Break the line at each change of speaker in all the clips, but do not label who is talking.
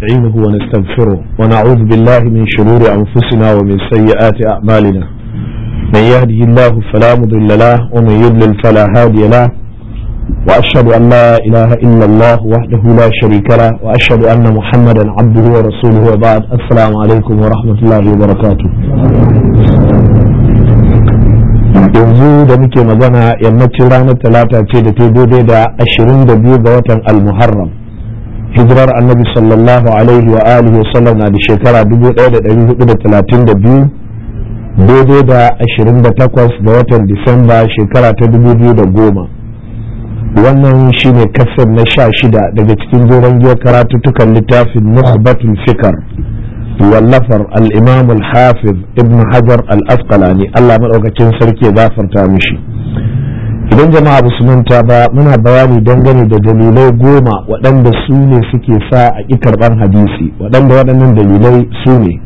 نستعينه ونستغفره ونعوذ بالله من شرور أنفسنا ومن سيئات أعمالنا من يهده الله فلا مضل له ومن يضلل فلا هادي له وأشهد أن لا إله إلا الله وحده لا شريك له وأشهد أن محمدا عبده ورسوله وبعد السلام عليكم ورحمة الله وبركاته yanzu da muke magana yammacin ranar talata ce da ta daidai da 22 ga watan al-muharram hijirar annabi sallallahu alaihi wa alihi wa sallam na da shekara 1432 daidai da 28 ga watan disamba shekara ta 2010 wannan shi ne kasar na sha shida daga cikin goron giyar karatuttukan littafin nuhbatul fikar wallafar al-imam al-hafiz ibn hajar al-asqalani Allah maɗaukacin sarki ya gafarta mishi idan jama'a ba su manta ba muna bayani dangane da dalilai goma waɗanda su ne suke sa a ƙi karɓar hadisi waɗanda waɗannan dalilai su ne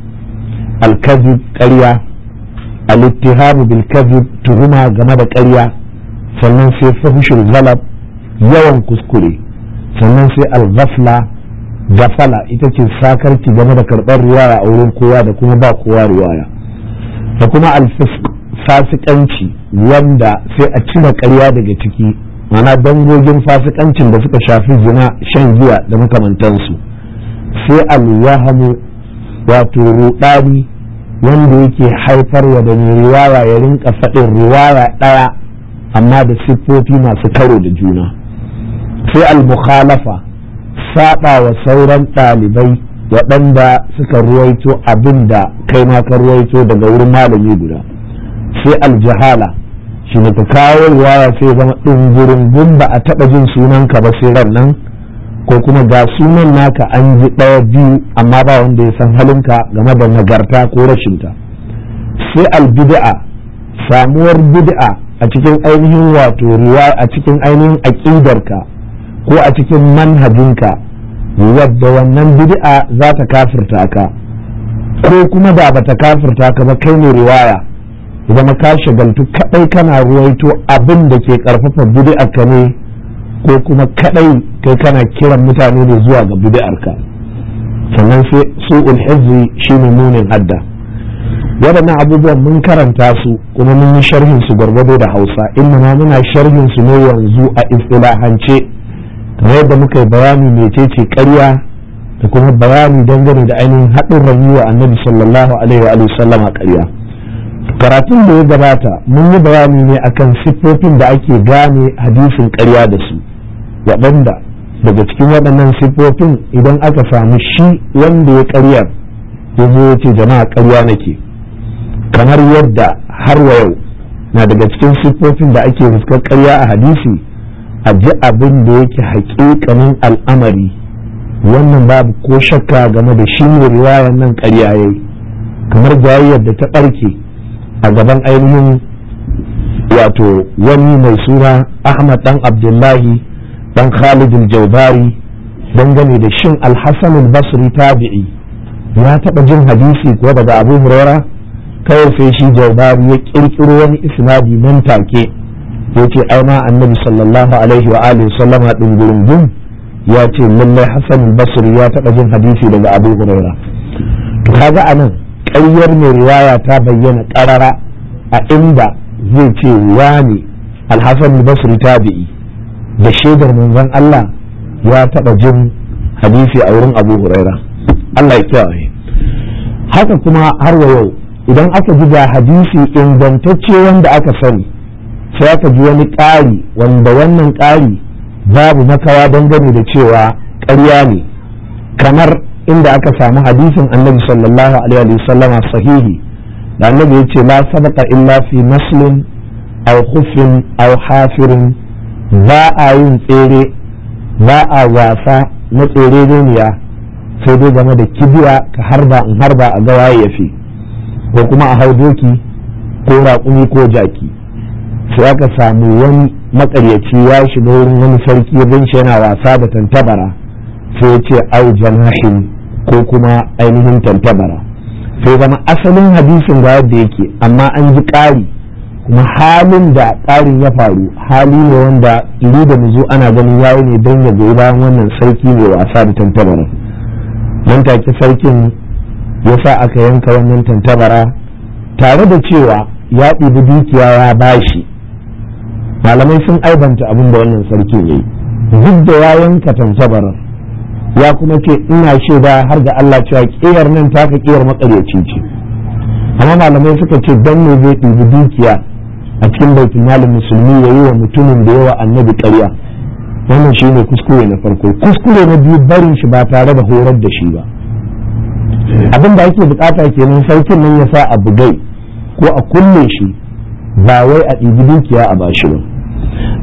alkazib ƙarya alittihamu bil kazib tuhuma game da ƙarya sannan sai fahushul zalab yawan kuskure sannan sai alghafla gafala ita ce sakarki game da karɓar riwaya a wurin kowa da kuma ba kowa riwaya da kuma alfisk fasikanci wanda sai a cire karya daga ciki mana dangogin fasikancin da suka shafi zina shan giya da makamantansu sai alwahamu wato ruɗani wanda yake haifarwa da mai ya rinka faɗin riwaya ɗaya amma da siffofi masu karo da juna sai al-mukhalafa saba wa sauran ɗalibai waɗanda suka ruwaito abin da kai ma ka ruwaito daga wurin malami guda sai aljihala shi ne ta kawo ruwaya sai zama gun ba a taɓa jin sunan ka ba sai ran nan ko kuma ga sunan naka an ji ɗaya biyu amma ba wanda ya san halinka game da nagarta ko rashinta sai albid'a samuwar bid'a a cikin ainihin wato ruwa a cikin ainihin aƙidarka ko a cikin manhajinka wadda wannan bid'a za ta kafirta ka ko kuma ba ba ta kafirta ka ba kai ne riwaya zama ka shagaltu kadai kana ruwaito abin da ke karfafa bid'ar ka ne ko kuma kadai kai kana kiran mutane ne zuwa ga bid'ar ka sannan sai su'ul shi ne munin hadda waɗannan abubuwan mun karanta su kuma mun yi sharhin su gwargwado da hausa inna ma muna sharhin su ne yanzu a istilahance kamar yadda muka yi bayani mecece karya da kuma bayani dangane da ainihin haɗin rayuwa annabi sallallahu alaihi wa sallama karya karatun da ya gabata mun yi bayani ne akan siffofin da ake gane hadisin karya da su waɗanda daga cikin waɗannan siffofin idan aka samu shi wanda ya ƙarya ya zo ce jama'a karya nake kamar yadda har wa yau na daga cikin siffofin da ake fuskar karya a hadisi a ji abin da yake haƙiƙanin al'amari wannan babu ko shakka game da shi ne riwayan nan ƙarya yayi kamar jayayyar da ta ɓarke a gaban ainihin wato wani mai suna ahmad dan abdullahi dan khalid jaubari dangane da shin alhassan basri tabi'i ya taɓa jin hadisi kuwa daga abu hurara kawai sai shi jaubari ya kirkiro wani isnadi nan take ya ce aina annabi sallallahu alaihi wa alihi sallama din ya ce lallai hassan basri ya taɓa jin hadisi daga abu hurara to kaga anan ƙaryar mai riwaya ta bayyana ƙarara a inda zai ce ne, alhassan basri tabi'i da shaidar manzon Allah ya taɓa jin hadisi a wurin abu huraira Allah ya kiyaye haka kuma har wa yau idan aka ji da hadisi ingantacce wanda aka sani sai aka ji wani ƙari wanda wannan ƙari babu makawa dangane da cewa ƙarya ne kamar inda aka samu hadisin annabi sallallahu alaihi wasallama sahihi da annabi ya ce la sabaka illa fi naslin aw khufin aw hafirin ba a yin tsere ba a wasa na tsere duniya sai dai game da kibiya ka harba in harba a ga ya fi ko kuma a hau doki ko raƙumi ko jaki sai aka samu wani makaryaci ya shiga wurin wani sarki ya bin shi yana wasa da tantabara sai ce au janahin ko kuma ainihin tantabara sai zama asalin hadisin da yadda yake amma an ji ƙari kuma halin da ƙarin ya faru hali ne wanda iri da mu zo ana ganin yawo ne don ya goyi bayan wannan sarki mai wasa da tantabara nan take sarkin ya sa aka yanka wannan tantabara tare da cewa ya ɗibi dukiya ya bashi malamai sun aibanta abin da wannan sarki ya yi duk da ya yanka tantabarar ya kuma ce ina shaida har ga Allah cewa kiyar nan ta ka kiyar matsaryaci ce amma malamai suka ce dan ne zai ɗibi dukiya a cikin baitul malin musulmi ya yi wa mutumin da yawa annabi ƙarya wannan shi ne kuskure na farko kuskure na biyu barin shi ba tare da horar da shi ba abin da ake bukata kenan sarkin nan ya sa a bugai ko a kulle shi ba wai a ɗibi dukiya a bashi ba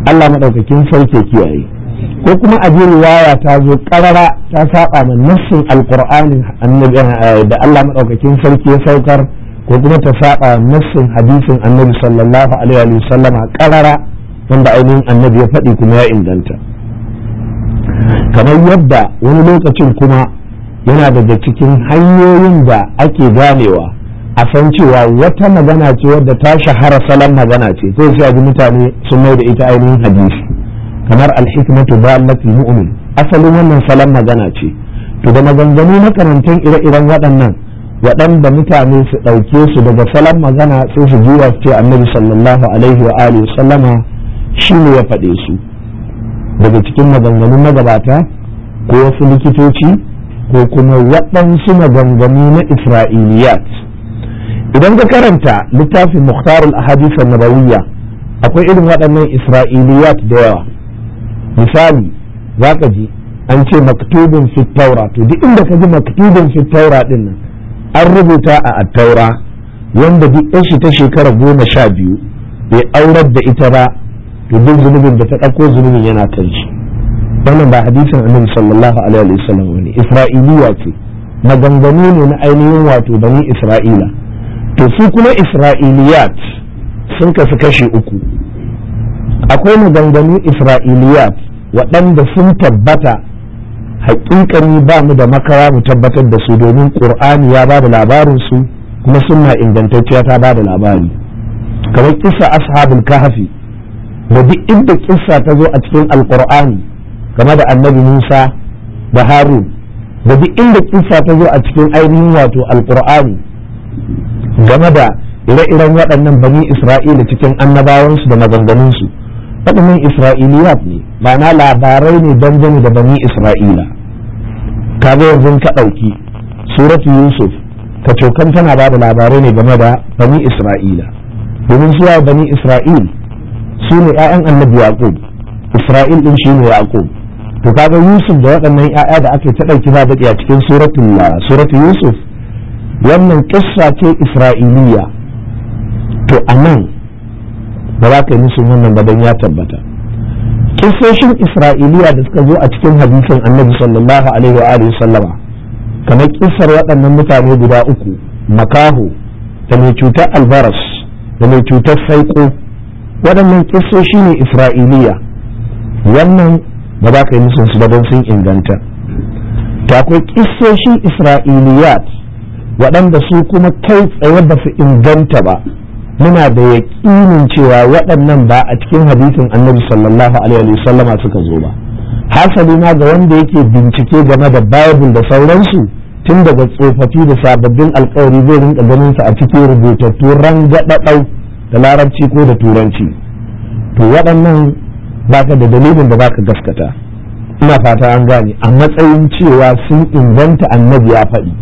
Allah maɗaukakin sarki kiyaye ko kuma a ji riwaya ta zo karara ta saba ma nassin Alkur'ani eh, eh, da Allah madaukakin sarki ya saukar ko kuma ta saba nassin hadisin annabi sallallahu alaihi wa sallama karara wanda ainihin annabi ya faɗi kuma ya inganta kamar yadda wani lokacin kuma yana daga cikin hanyoyin da ake ganewa a san cewa wata magana ce wadda ta shahara salon magana ce sai sai a ji mutane sun mai da ita ainihin hadisi kamar alhikmatu dalatul mu'min asalin wannan salon magana ce to da maganganu makarantun ire-iren waɗannan waɗanda mutane su ɗauke su daga salon magana sai su juwa su ce annabi sallallahu alaihi wa alihi sallama shi ne ya faɗe su daga cikin maganganu magabata ko wasu likitoci ko kuma waɗansu maganganu na isra'iliyat idan ka karanta littafin muhtarul ahadith an-nabawiyya akwai irin waɗannan isra'iliyat da yawa misali za ka ji an ce maktubin fi taura to duk inda ka ji maktubin fi taura din nan an rubuta a attaura wanda duk shi ta shekara goma sha biyu bai aurar da ita ba to duk zunubin da ta ɗauko zunubin yana kan shi wannan ba hadisin annabi sallallahu alaihi wa sallam wani isra'iliya ce maganganu ne na ainihin wato bani isra'ila to su kuma isra'iliyat sun kasu kashi uku akwai maganganu isra'iliyat waɗanda sun tabbata haƙiƙani ba mu da makara mu tabbatar da su domin ƙur'ani ya ba da labarin su kuma sunna ingantacciya ta ba da labari kamar kisa ashabul kahfi da duk inda kisa ta zo a cikin alƙur'ani game da annabi musa da harun da duk inda kisa ta zo a cikin ainihin wato alƙur'ani game da ire-iren waɗannan bani isra'ila cikin annabawansu da maganganunsu faɗin isra'iliyat ne ma'ana labarai ne dangane da bani isra'ila kaga yanzu ka ɗauki suratu yusuf ka cokan tana ba da labarai ne game da bani isra'ila domin suwa bani isra'il su ne 'ya'yan annabi yaqub isra'il ɗin shi ne yaqub to kaga yusuf da waɗannan 'ya'ya da aka ta ɗauki ba a cikin suratu yusuf wannan kissa ce isra'iliya to a nan ba za ka yi musu wannan ba don ya tabbata kisoshin isra'iliya da suka zo a cikin hadisin annabi sallallahu alaihi wa alihi sallama kamar kisar waɗannan mutane guda uku makaho da mai cutar albaras da mai cutar saiko waɗannan kisoshi ne isra'iliya wannan ba za ka yi musu su ba don sun inganta ta akwai kisoshin isra'iliyat waɗanda su kuma kai tsaye ba su inganta ba muna da yaƙinin cewa waɗannan ba a cikin hadisin annabi sallallahu alaihi sallama suka zo ba hasali ma ga wanda yake bincike game da bible da sauransu tun daga tsofaffi da sababbin alkawari zai rinka ganin su a cikin rubutattu rangadadau da larabci ko da turanci to waɗannan baka da dalilin da baka gaskata ina fata an gane a matsayin cewa sun inganta annabi ya faɗi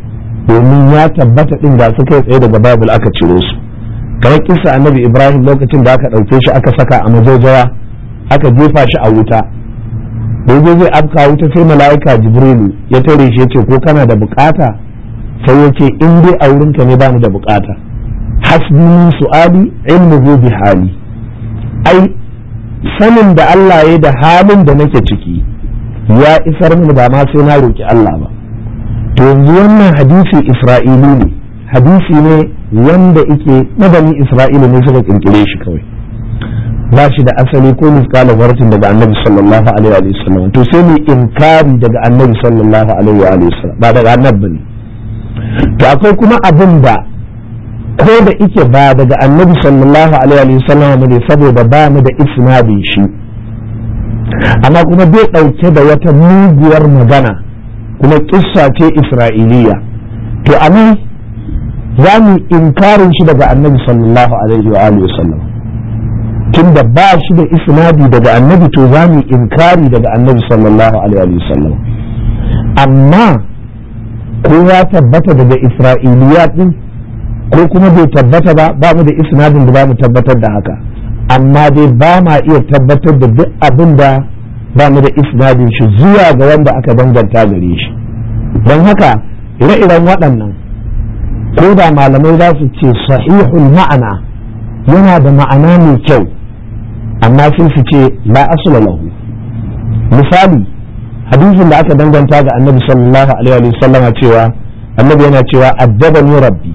domin ya tabbata ɗin ga su kai tsaye daga bible aka ciro su kamar kisa annabi ibrahim lokacin da aka ɗauke shi aka saka a mazojawa aka jefa shi a wuta dogo zai afka wuta sai mala'ika jibrilu ya tare shi yace ko kana da bukata sai yace in dai a wurin wurinka ne bani da bukata hasbi su'ali ilmuhu bi hali ai sanin da Allah ya da halin da nake ciki ya isar min ba ma sai na roki Allah ba to yanzu wannan hadisi isra'ili ne hadisi ne wanda yake na isra'ila ne suka kirkire shi kawai ba shi da asali ko misqala waratin daga annabi sallallahu alaihi wa sallam to sai mu inkari daga annabi sallallahu alaihi wa sallam ba daga annabi ne. to akwai kuma abin da ko da ike ba daga annabi sallallahu alaihi wa sallam ne saboda ba mu da isnadin shi amma kuma bai dauke da wata muguwar magana kuma kissa ce isra'iliya to amma za mu inkarin shi daga annabi sallallahu alaihi wa alihi wasallam tun da ba shi da isnadi daga annabi to za mu inkari daga annabi sallallahu alaihi wa sallam amma ko ya tabbata daga isra'iliya din ko kuma bai tabbata ba ba mu da isnadin da ba mu tabbatar da haka amma dai ba ma iya tabbatar da duk abin da ba mu da isnadin shi zuwa ga wanda aka danganta gare shi don haka ire-iren waɗannan ko da malamai za su ce sahihul ma'ana yana da ma'ana mai kyau amma sun su ce la asula lahu misali hadisin da aka danganta ga annabi sallallahu alaihi wa cewa annabi yana cewa addabani rabbi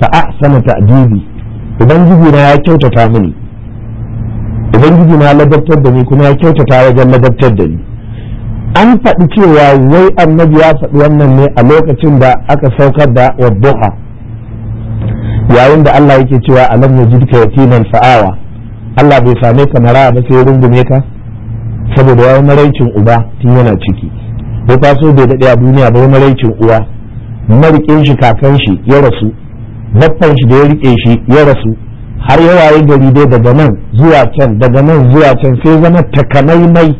fa ahsana ta'dibi ubangiji na ya kyautata mini ubangiji na ladabtar da ni kuma ya kyautata wajen ladabtar da ni an faɗi cewa wai annabi ya faɗi wannan ne a lokacin da aka saukar da wadduha yayin da Allah yake cewa alam yajidka yatiman fa'awa Allah bai same ka mara ba sai rungume ka saboda yayi maraicin uba tun yana ciki bai taso bai daɗe a duniya ba maraicin uwa marikin shi kakan shi ya rasu baffan shi da ya rike shi ya rasu har ya waye gari dai daga nan zuwa can daga nan zuwa can sai zama takamaimai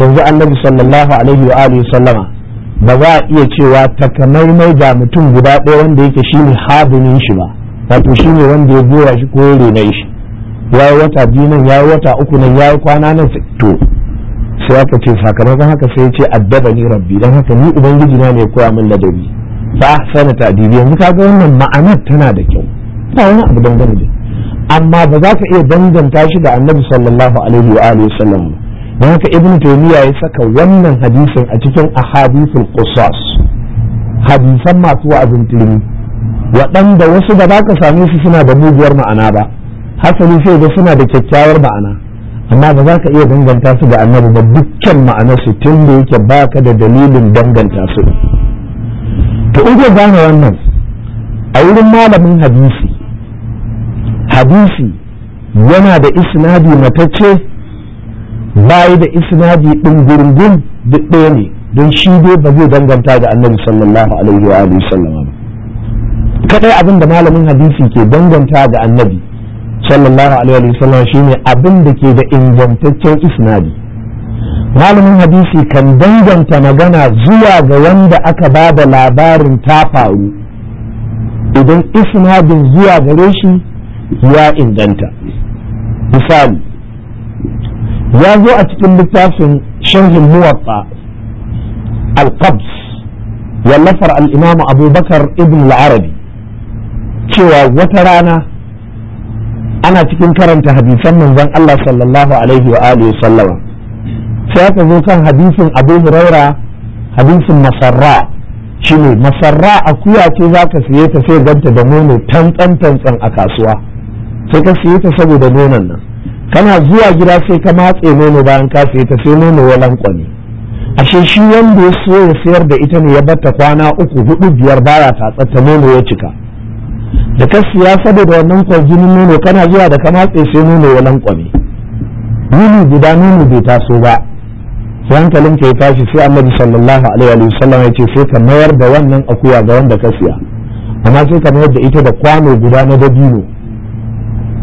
yanzu annabi sallallahu alaihi wa alihi sallama ba za a iya cewa takamaimai ga mutum guda ɗaya wanda yake shine habinin shi ba wato shine wanda ya gora shi ko yare na shi ya yi wata biyu nan ya yi wata uku nan ya yi kwana nan to sai aka ce sakamakon haka sai ya ce addaba ni rabbi don haka ni ubangiji na ne koya min ladabi ba sana ta dibi yanzu kaga wannan ma'anar tana da kyau ba wani abu dangane da amma ba za ka iya danganta shi da annabi sallallahu alaihi wa alihi sallam don haka ibn taymiya ya saka wannan hadisin a cikin ahadithul qusas hadisan masu wa'azin tilmi waɗanda wasu ba za ka same su suna da muguwar ma'ana ba hasali sai da suna da kyakkyawar ma'ana amma ba za ka iya danganta su da annabi ba dukkan ma'anar su tun da yake baka da dalilin danganta su to in gane wannan a wurin malamin hadisi hadisi yana da isnadi matacce bayi da isnadi ɗin gurgun duk ɗaya ne don shi dai ba zai danganta ga annabi sallallahu alaihi wa alihi sallama ba kadai abin da malamin hadisi ke danganta ga annabi sallallahu alaihi wa sallama shine abin da ke da ingantaccen isnadi malamin hadisi kan danganta magana zuwa ga wanda aka ba da labarin ta faru idan isnadin zuwa gare shi ya inganta misali ya zo a cikin littafin sharhin muwatta al-qabs wallafar al abubakar ibn al-arabi cewa wata rana ana cikin karanta hadisan manzon Allah sallallahu alaihi wa alihi sallama sai aka zo kan hadisin abu huraira hadisin masarra shine masarra akuya ce zaka siye ta sai ganta da nono tantsan tantsan a kasuwa sai ka siye ta saboda nonon nan kana zuwa gida sai ka matse nono bayan ka sai ta sai nono ya kwani ashe shi wanda ya so ya sayar da ita ne ya batta kwana uku hudu biyar baya ta nono ya cika da ka siya saboda wannan kwarjinin nono kana zuwa da ka matse sai nono ya kwani nuni guda nono bai taso ba sai hankalin ka ya tashi sai annabi sallallahu alaihi wa sallam ya ce sai ka mayar da wannan akuya ga wanda ka siya amma sai ka mayar da ita da kwano guda na dabino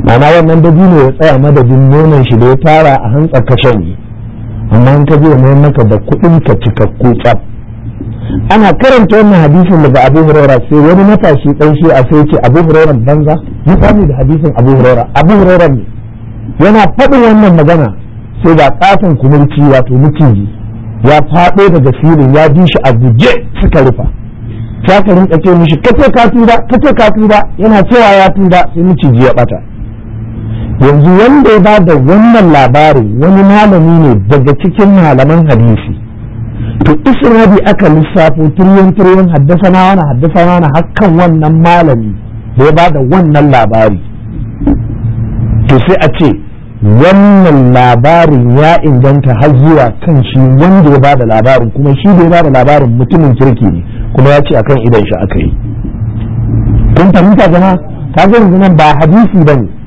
ma'ana wannan ne ya tsaya madadin nonon shi da ya tara a hantsa kashen ne amma in ka je mai maka da kuɗin ka cikakku tsaf ana karanta wannan hadisin daga abu huraira sai wani matashi dan shi a sai ce abu hurora banza ya fami da hadisin abu hurora abu hurora ne yana faɗin wannan magana sai ga ƙafin kumurci wato miciji ya faɗo daga filin ya bi shi a guje suka rufa sai rinka ce mishi kace ka ba kace ka yana cewa ya tuba sai miciji ya ɓata. yanzu wanda ya ba da wannan labari wani malami ne daga cikin malaman hadisi to isra'i aka lissafo tiriyan tiriyan haddasa na wani haddasa na wani hakan wannan malami da ya ba da wannan labari to sai a ce wannan labarin ya inganta har zuwa kan shi wanda ya ba da labarin kuma shi da ya ba da labarin mutumin kirki ne kuma ya ce akan idan shi aka yi kun fahimta jama'a ka yanzu nan ba hadisi ba ne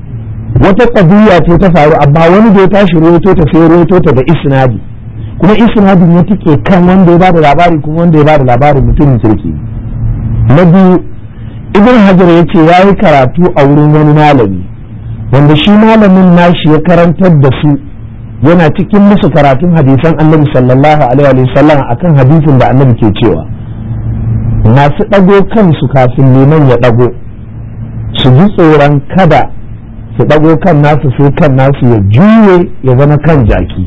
wata ƙabiya ce ta faru amma wani da ya tashi roto ta sai roto ta da isnadi kuma isnadin ya take kan wanda ya bada labari kuma wanda ya bada labarin mutumin kirki na biyu ibn hajar ya ce ya karatu a wurin wani malami wanda shi malamin nashi ya karantar da su yana cikin musu karatun hadisan annabi sallallahu alaihi wa sallam akan hadisin da annabi ke cewa masu ɗago kansu kafin neman ya dago su ji tsoron kada su ɗago kan nasu su kan nasu ya juye ya zama kan jaki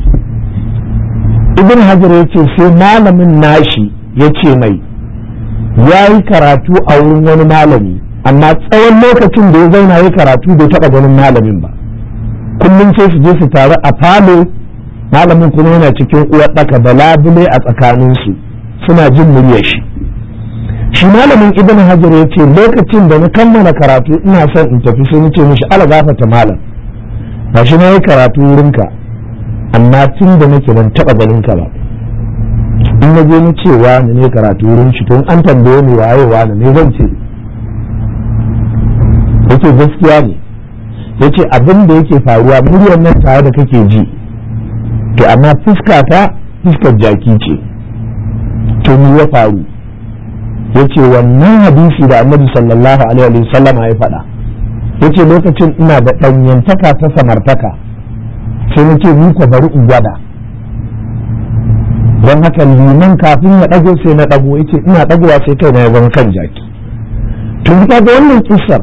ibn hajar ya ce sai malamin nashi ya ce mai ya yi karatu a wurin wani malami amma tsawon lokacin da ya zauna ya karatu bai taɓa ganin malamin ba kullum sai su je su taru a falo malamin kuma yana cikin uwar ɗaka da labule a tsakaninsu suna jin muryar shi shi malamin ibn hajar ya ce lokacin da na kammala karatu ina son in tafi sai nace mishi ala gafata malam ba shi na yi karatu wurinka amma tun da nake ban taba ganin ka ba in na je ni ce wa ne karatu wurin shi tun an tambaye ni waye wa ne zan ce yake gaskiya ne yace abin da yake faruwa muryar nan tare da kake ji to amma fuska ta fuskar jaki ce to ni ya faru ce wannan hadisi da annabi sallallahu alaihi wa sallam ya faɗa yace lokacin ina da ɗanyantaka ta samartaka sai na ce ni ka bari in gwada don haka liman kafin ya ɗago sai na ɗago ce ina ɗagowa sai kai na ya zama kan jaki to ka ga wannan kissar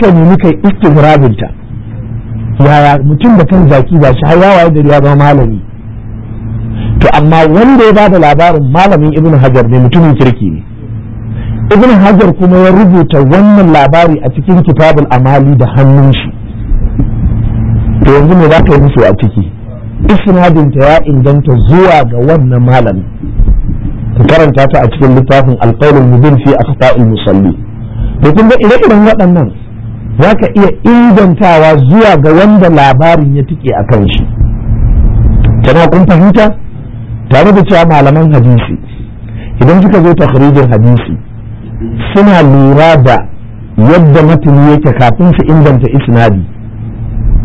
ka nemi kai istigrabinta yaya mutum da kan jaki ba shi har ya da ya zama malami to amma wanda ya ba da labarin malamin ibn hajar ne mutumin kirki ne ibn hajar kuma ya rubuta wannan labari a cikin kitabul amali da hannun shi to yanzu me za ka yi a ciki isnadinta ya inganta zuwa ga wannan malamin Ku karanta ta a cikin littafin alqaulul mubin fi akhta'il musalli to kun ga ire-iren waɗannan za ka iya ingantawa zuwa ga wanda labarin ya tike a kan shi Tana kun fahimta tare da cewa malaman hadisi idan suka zo takhrijin hadisi suna lura da yadda mutum yake kafin su inganta isnadi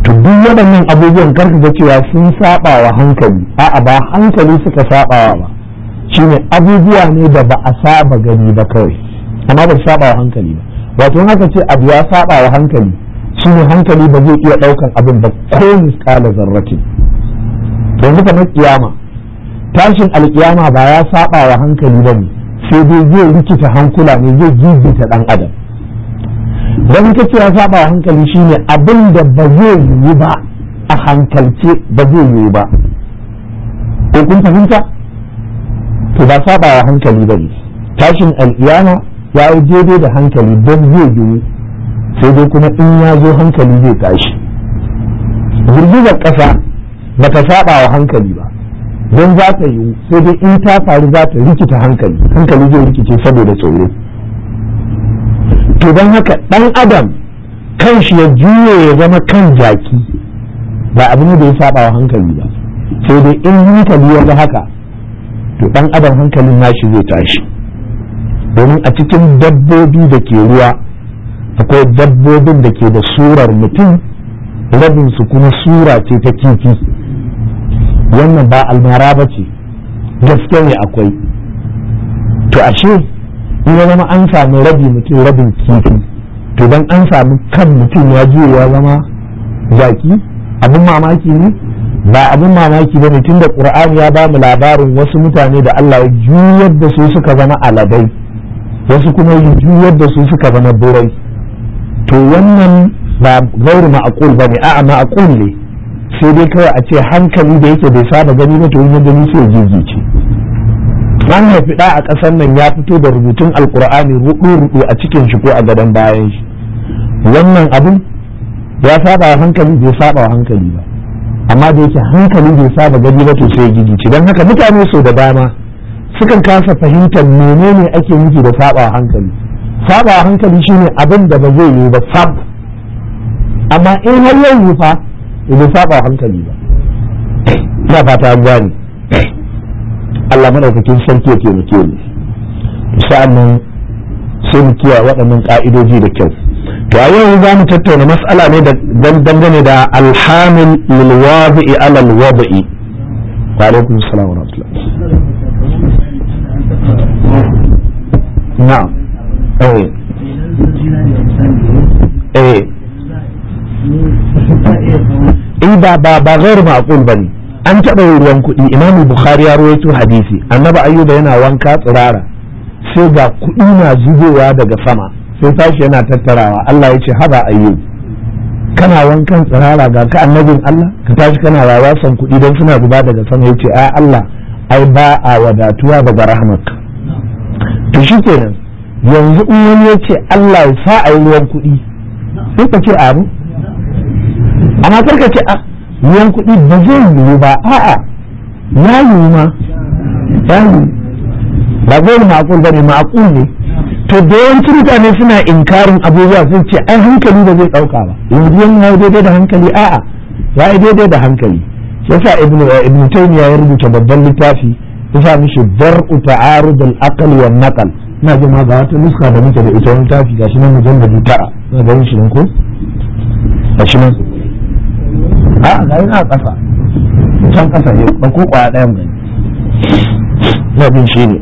to duk waɗannan abubuwan karka ga cewa sun saba wa hankali a'a ba hankali suka saba ba shine abubuwa ne da ba a saba gani ba kawai amma ba saba wa hankali ba wato haka ce abu ya saba wa hankali shine hankali ba zai iya ɗaukan abin ba ko misƙala zarratin haka na kiyama tashin alkiyama ba ya saba wa hankali ba ne sai dai zai rikita hankula ne zai gigita dan adam Dan ka ya saba wa hankali shine abin da ba zai yi ba a hankalce ba zai yi ba ko kun fahimta to ba saba wa hankali ba ne tashin alkiyama ya yi daidai da hankali don zai yiwu sai dai kuma in ya zo hankali zai tashi girgizar ƙasa ba ta saba wa hankali ba don za ta yiwu sai dai in ta faru za ta rikita hankali hankali zai rikice saboda tsoro to don haka dan adam kan shi ya juye ya zama kan jaki ba abu ne da ya saba wa hankali ba sai dai in hankali ya haka to dan adam hankalin nashi zai tashi domin a cikin dabbobi da ke ruwa akwai dabbobin da ke da surar mutum rabinsu kuma sura ce ta kifi wannan ba almara ba ce gaske ne akwai to ashe in ya zama an sami rabi mutum rabin kifi to dan an sami kan mutum ya ji ya zama zaki abin mamaki ne ba abin mamaki ba ne tunda qur'ani ya ba mu labarin wasu mutane da Allah ya juyar da su suka zama aladai wasu kuma ya juyar da su suka zama burai to wannan ba gauri ba bane a'a ma'aqul ne sai dai kawai a ce hankali da yake bai saba gani ba to ya gani sai gigice an haifi da a ƙasar nan ya fito da rubutun alkur'ani rudu-rudu a cikin shi ko a gadon bayan shi wannan abin ya saba wa hankali bai saba wa hankali ba amma da yake hankali bai saba gani ba to sai gigice don haka mutane sau da dama sukan kasa fahimtar menene ake nufi da saba wa hankali saba wa hankali shine abin da ba zai yi ba sab amma in har yau fa bai saba hankali ba ina fata an gane Allah madaukakin sarki ya taimake mu sa'annan sai mu kiyaye waɗannan ka'idoji da kyau to a yau za mu tattauna mas'ala ne dangane da alhamil lil wadi'i ala al wadi'i wa alaikum assalam wa rahmatullah na'am eh eh eh ba ba ba gairu ma'qul bane an taɓa yin ruwan kuɗi imam bukhari ya rawaito hadisi annabi ayyuba yana wanka tsirara sai ga kuɗi na zubewa daga sama sai tashi yana tattarawa Allah ya ce haba ayyub kana wankan tsirara ga ka annabin Allah ka tashi kana rawa san kuɗi don suna zuba daga sama ya ce a Allah ai ba a wadatuwa daga rahmaka to shi kenan yanzu in wani ya ce Allah ya sa a ruwan kuɗi sai ka ce abu amma karka ce a yiwuwan kuɗi ba zai yiwu ba a'a ya yiwu ma ya yiwu ba zai ma'akul ba ne ma'akul ne to da yawancin mutane suna inkarin abubuwa sun ce ai hankali ba zai ɗauka ba yanzu yan ya daidai da hankali a'a ya yi daidai da hankali yasa ibnu eh, ibnu taymiya ya rubuta babban littafi ya sa mishi dar'u ta'arud al-aql wa naql ina jin ma ga wata nuska da muke da ita wani tafi gashi nan mujalladi ta'a na ganin shi ko gashi nan a ga na ƙasa can ƙasa ya ɗauko ƙwaya ɗayan gani na bin shi ne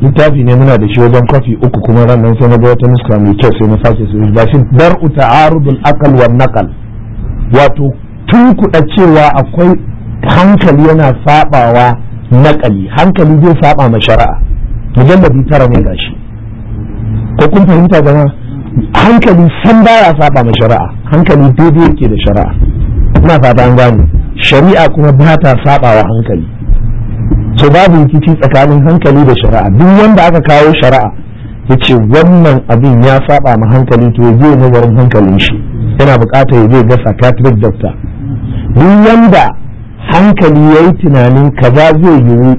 littafi ne muna da shi wajen kwafi uku kuma ranar sai na ga wata nuska mai kyau sai na sake su ba shi uta ta'arudul aqal wa nakal wato tun kuɗa cewa akwai hankali yana sabawa naƙali hankali zai saba ma shari'a mujallabi tara ne shi. ko kun fahimta jama'a hankali san baya saba ma shari'a hankali daidai yake da shari'a ina fata an gane shari'a kuma ba ta saba wa hankali so babu rikici tsakanin hankali da shari'a duk wanda aka kawo shari'a ya ce wannan abin ya saba ma hankali to zai nazarin hankalin shi yana bukatar ya je ga psychiatric doctor duk wanda hankali ya yi tunanin kaza zai yiwu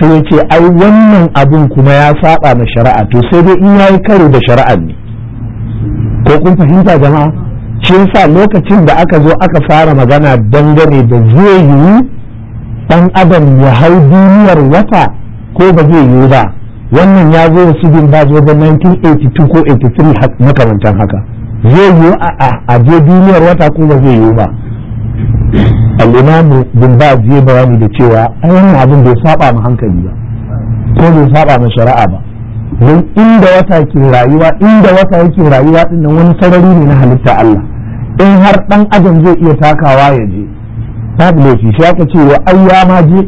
sai ya ce ai wannan abin kuma ya saba ma shari'a to sai dai in ya yi karo da shari'a ne ko kun fahimta jama'a shi yasa lokacin da aka zo aka fara magana dangane da zai yiwu dan adam ya hau duniyar wata ko ba zai yiwu ba wannan ya zo su bin ba zo da 1982 ko 83 makamantan haka zai yiwu a je duniyar wata ko ba zai yiwu ba al'imamu bin ba zai bayani da cewa a wannan abin bai saba ma hankali ba ko bai saba ma shari'a ba don inda wata ke rayuwa inda wata yake rayuwa din nan wani sarari ne na halitta Allah in har dan adam zai iya takawa ya je babu laifi shi aka ce wa ayyama je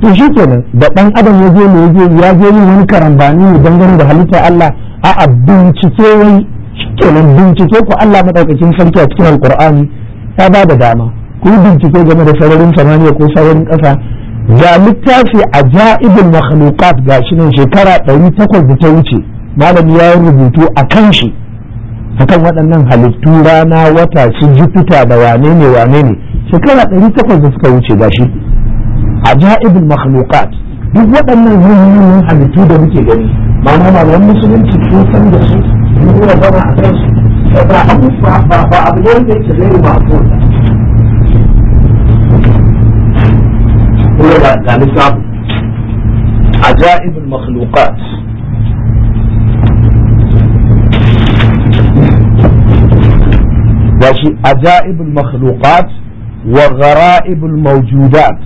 to shi kenan da dan adam ya je ne je ya je yin wani karambani ne dangane da halitta Allah a bincike wai kenan bincike ku Allah madaukakin sarki a cikin alqur'ani ta ba da dama ku bincike game da sararin samaniya ko sararin ƙasa ga littafi a ja'ibul makhluqat ga shi ne shekara 800 da ta wuce malami ya rubutu a kan shi akan waɗannan halittu rana wata su jupiter da wane ne wane ne shekara 800 da suka wuce ga shi a ja'ibul makhluqat duk waɗannan hanyoyin halittu da muke gani ma'ana malaman musulunci sun san da su sun yi magana a kansu ba abu ba abu ne wanda yake zai ba عجائب المخلوقات وشي عجائب المخلوقات وغرائب الموجودات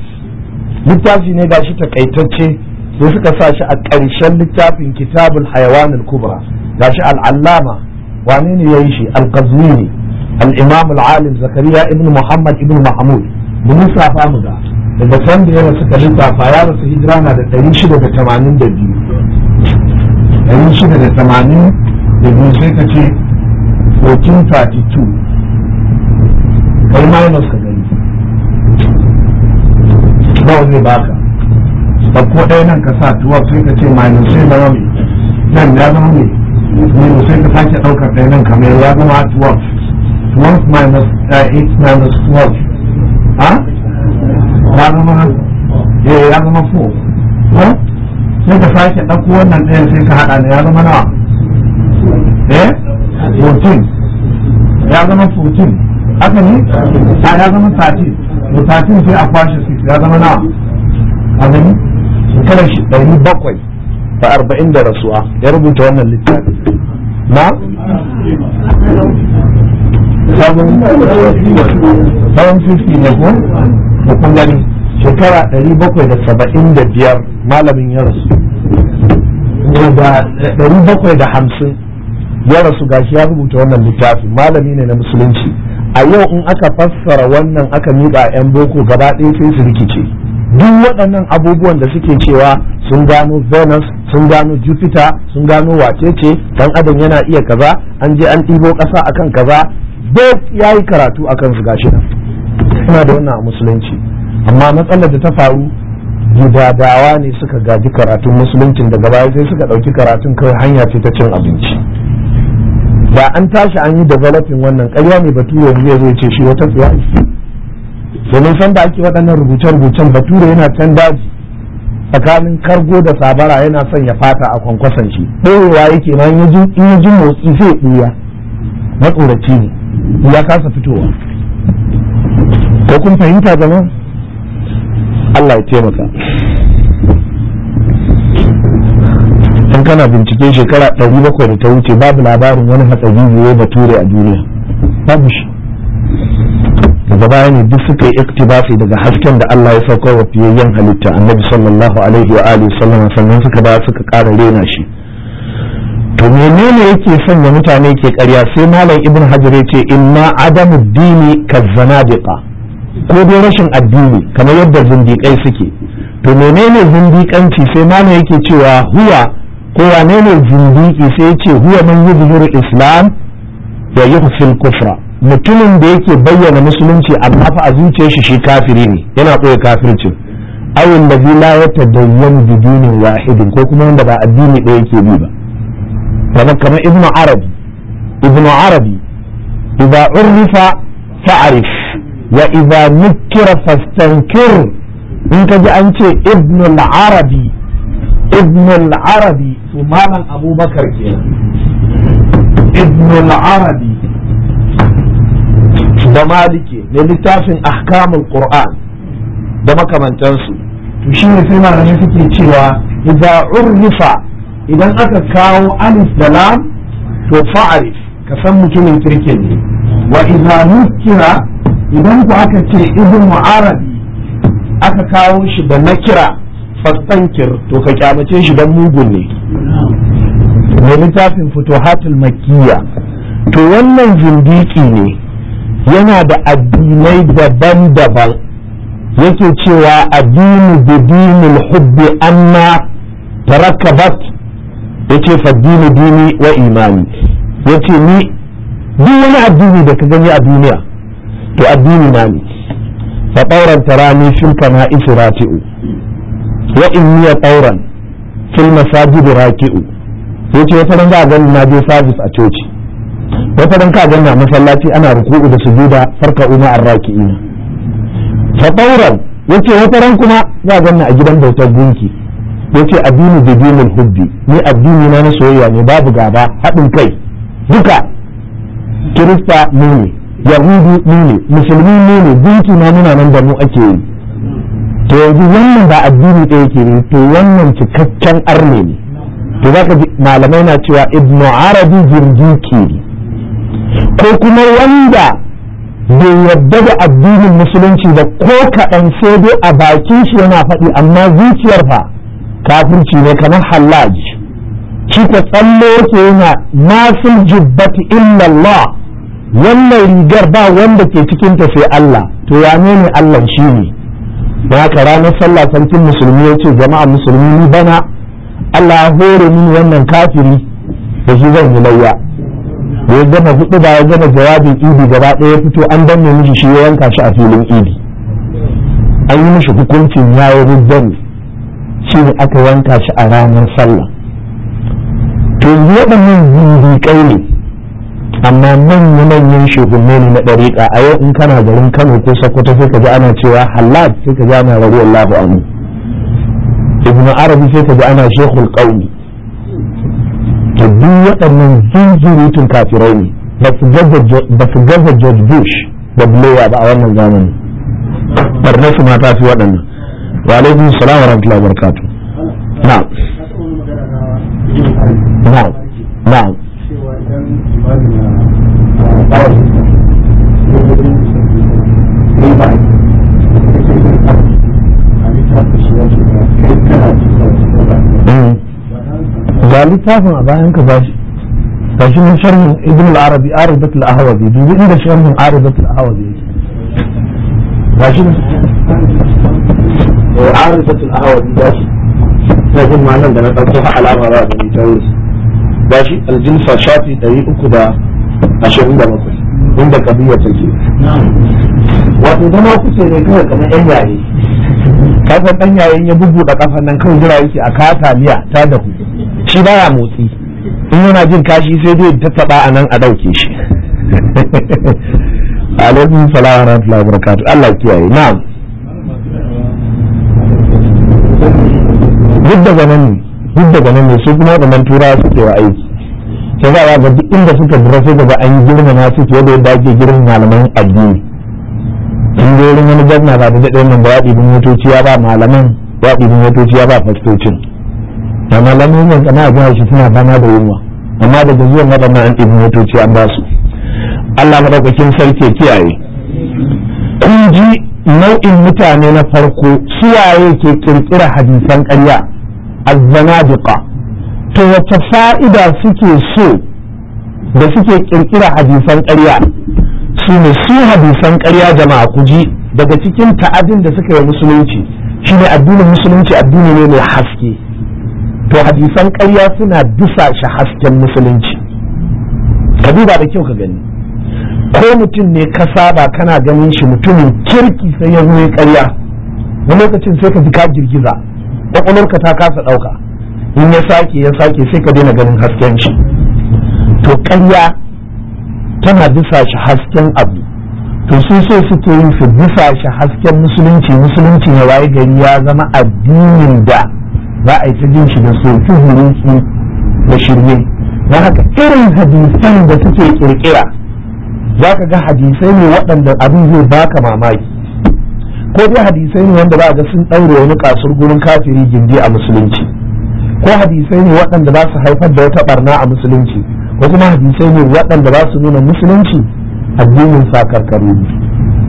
لتعرفي نيجا شي تقيتتشي سيسك ساشي أكريشان لتعرفين كتاب الحيوان الكبرى لاشي العلامة وعنين يعيشي القزويني الإمام العالم زكريا ابن محمد ابن محمود بنصرف أمدار daga can da ya suka ka lissafa ya rasu hijira na da 682 shida sai ka ce 1432 kai minus ka gani ba zai baka ɗauko ɗaya nan ka sa tuwa sai ka ce minus sai zama mai nan ya zama mai minus sai ka sake ɗaukar ɗaya nan kamar ya zama tuwa 12 minus 8 eh, minus 12 ha ah? ya zama eh ya zama fo sai ka sake ɗauko wannan ɗaya sai ka haɗa da ya zama nawa eh 14 ya zama 14 haka ne a ya zama 30 to sai a kwashe 6 ya zama nawa a gani shekarar shi ɗari bakwai da arba'in da rasuwa ya rubuta wannan littafi na sabon 50 ne ko to kun gani shekara 775 malamin ya rasu da 750 ya rasu gashi ya rubuta wannan littafi malami ne na musulunci a yau in aka fassara wannan aka miƙa 'yan boko gaba ɗaya sai su rikice duk waɗannan abubuwan da suke cewa sun gano venus sun gano jupiter sun gano wacece dan adam yana iya kaza an je an ɗibo ƙasa akan kaza duk ya yi karatu akan su gashi nan suna da wannan a musulunci amma matsalar da ta faru gidadawa ne suka gaji karatun musuluncin daga baya sai suka ɗauki karatun kai hanya ce ta cin abinci ba an tashi an yi developing wannan ƙarya ne bature ne ya ce shi wata tsiya domin san da ake waɗannan rubuce-rubucen bature yana can daji tsakanin kargo da sabara yana son ya fata a kwankwasan shi ɗorewa yake ma in ya ji motsi zai ɗuya matsoraci ne ya kasa fitowa ko kun fahimta zama Allah ya taimaka in kana bincike shekara ɗari bakwai da ta wuce babu labarin wani hatsari ne bature a duniya babu shi daga baya ne duk suka yi iktibafi daga hasken da Allah ya sauka wa fiyayyen halitta annabi sallallahu alaihi wa alihi sannan suka ba suka ƙara rena shi to menene yake sanya mutane ke karya sai malam ibn hajar ya ce inna adamu dini kazzanadiqa ko dai rashin addini kamar yadda zindiƙai suke to menene zindiƙanci sai mana yake cewa huwa ko wane ne zindiƙi sai ya ce huwa man yuzhiru islam ya yuhsil kufra mutumin da yake bayyana musulunci amma fa a zuciyar shi shi kafiri ne yana koya kafirci awin da la yatadayyan bi dinin wahidin ko kuma wanda ba addini ɗaya yake bi ba kamar kamar ibnu arabi ibnu arabi idza urifa fa'arif wa idza nukira fastankir in ka ji an ce ibn al-arabi ibn al-arabi Malam abubakar kenan ibn al-arabi da maliki ne littafin ahkamul qur'an da makamantansu to shi ne sai malamai suke cewa idza urrifa idan aka kawo alif da lam to fa'arif ka san mutumin kirkin ne wa idza nukira idan ku aka ce ibn arabi aka kawo shi da nakira fastankir to ka kyamace shi dan mugun ne mai littafin futuhatul makkiya to wannan zindiki ne yana da addinai daban-daban yake cewa addinu bidinul hubbi amma tarakkabat yace faddinu dini wa imani yace ni duk wani addini da ka gani a duniya to addini na ne fa tsauran tarani fil kana'is raki'u wa inni ya tsauran fil masajid raki'u yace wata ran za a na je sabis a coci wata ran ka gani a masallaci ana ruku'u da sujuda farka uma arraki'ina fa tsauran yace wata ran kuma za a a gidan bautar gunki yace addini da dinul hubbi ni addini na na soyayya ne babu gaba haɗin kai duka kirista ne yahudu mu ne musulmi mu ne gunki muna nan da mu ake yi to yanzu wannan ba addini ɗaya ke ne to wannan cikakken arne ne to za ka ji malamai na cewa ibnu arabi jirgi ke ko kuma wanda bai yarda da addinin musulunci ba ko kaɗan sai dai a bakin shi yana faɗi amma zuciyar fa kafirci ne kamar hallaj shi ta tsallo ke yana masul jubbati illallah wannan rigar ba wanda ke cikin ta sai Allah to ya ne Allah shi ne Ba ka ranar sallah sarkin musulmi ya ce jama'a musulmi bana Allah ya hore mini wannan kafiri da shi zan yi layya da ya gama hudu da ya gama jawabin idi gaba ɗaya fito an danne mishi shi ya yanka shi a filin idi an yi mishi hukuncin ya yi rubbani shi ne aka yanka shi a ranar sallah to yanzu waɗannan zindiƙai ne amma nan manyan shugabanni ne na dariƙa a yau in kana garin kano ko sokoto sai ka ji ana cewa halal sai ka ji ana rabu allahu anhu ibnu arabi sai ka ji ana shekul qauli to duk waɗannan zunzurutun kafirai ne ba su gaza george bush da blair ba a wannan zamani barna su mata su waɗannan wa alaikum salam wa rahmatullahi wa barakatuh na'am na'am na'am ga littafin a bayan ka ba shi ga shi nan sharhin ibn al-arabi aridat al-ahwazi dubi inda sharhin aridat al-ahwazi yake ga shi nan aridat al-ahwazi ga shi na jin malam da na ɗauko alama ba da ni ta wuce ba shi aljinsa shafi ɗari uku da ashirin da bakwai inda kabiya take wato zama kuke ne kawai kamar yan yaye kafin ɗan yayin ya da kafan nan kawai jira yake a kaya miya ta ku shi baya motsi in yana jin kashi sai dai tattaɓa a nan a ɗauke shi alaikum salam wa rahmatullahi wa barakatuh Allah kiyaye na'am duk da ganin. duk daga nan ne su kuma waɗannan turawa suke wa aiki sai za a ga duk inda suka jira sai ga an girmama su ke da yadda ake girma malaman addini tun da wurin wani gwamna ba da daɗe nan ba ya ɗibin motoci ya ba malaman ya ɗibin motoci ya ba fastocin da malaman yin kana a gina shi suna fama da yunwa amma daga zuwan waɗannan an ɗibin motoci an ba su Allah maɗaukakin sarki kiyaye kun ji nau'in mutane na farko suwaye ke kirkira hadisan ƙarya azzanadiqa to wace fa'ida suke so da suke kirkira hadisan ƙarya su ne su hadisan ƙarya jama'a ku ji daga cikin ta'adin da suka yi musulunci shine addinin musulunci addini ne mai haske to hadisan ƙarya suna bisa shi hasken musulunci ka duba da kyau ka gani ko mutum ne ka saba kana ganin shi mutumin kirki sai ya zo ya ƙarya wani lokacin sai ka ji ka girgiza kwakwalwarka ta kasa ɗauka in ya sake ya sake sai ka daina ganin hasken shi to ƙarya tana bisa shi hasken abu to sun so suke yi su bisa shi hasken musulunci musulunci ya waye gari ya zama addinin da za a yi ta jin shi da soki huruki da shirme Na haka irin hadisan da suke kirkira za ka ga hadisai ne waɗanda abin zai baka mamaki ko dai hadisai ne wanda ba ga sun ɗaure wani kasur gurin kafiri gindi a musulunci ko hadisai ne waɗanda ba su haifar da wata barna a musulunci ko kuma hadisai ne waɗanda ba su nuna musulunci addinin sakarkaru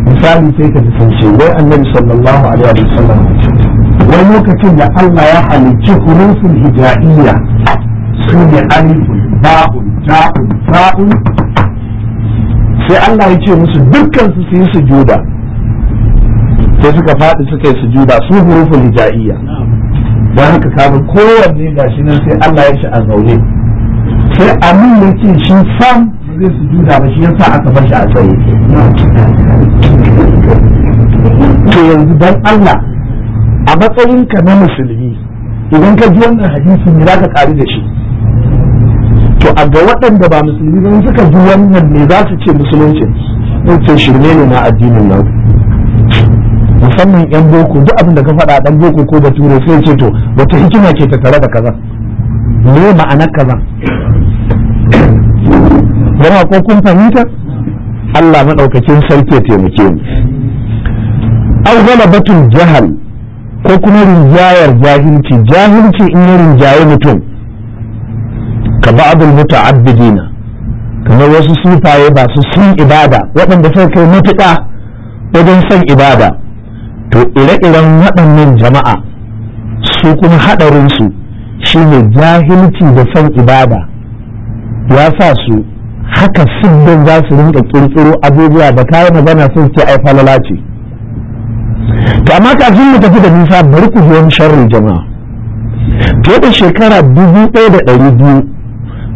misali sai ka ji sun ce wai annabi sallallahu alaihi wa sallam. wai lokacin da Allah ya halicci hurufin hijaiya su ne alif ba'un ta'un ta'un sai Allah ya ce musu dukkan su su yi sujuda sai suka faɗi suka yi sujuda su huruful hija'iyya don haka kafin kowanne gashi nan sai Allah ya shi a zaune sai amin ya ce shi sam zai sujuda ba shi yasa aka bar shi a tsaye to yanzu don Allah a matsayin ka na musulmi idan ka ji wannan hadisi ne zaka ƙari da shi to a ga waɗanda ba musulmi ba suka ji wannan ne za su ce musulunci ce shirme ne na addinin nan musamman yan boko duk abin da ka faɗa dan boko ko bature sai ce to wata hikima ke ta tare da kaza me ma'anar kaza jama'a ko kun fahimta Allah madaukakin sarki ya taimake mu aw batun jahal ko kuma rinjayar jahilci jahilci in ya rinjaye mutum ka ba'dul muta'abbidina kamar wasu sufaye ba su sun ibada waɗanda suka kai matuƙa wajen San ibada to ire-iren waɗannan jama'a su kuma haɗarinsu shi ne jahilci da son ibada ya sa su haka siddan za su rinka ƙirƙiro abubuwa da kayan magana sun ce ai falala ce to amma kafin mu tafi da nisa bari ku wani sharri jama'a fiye da shekara dubu ɗaya da ɗari biyu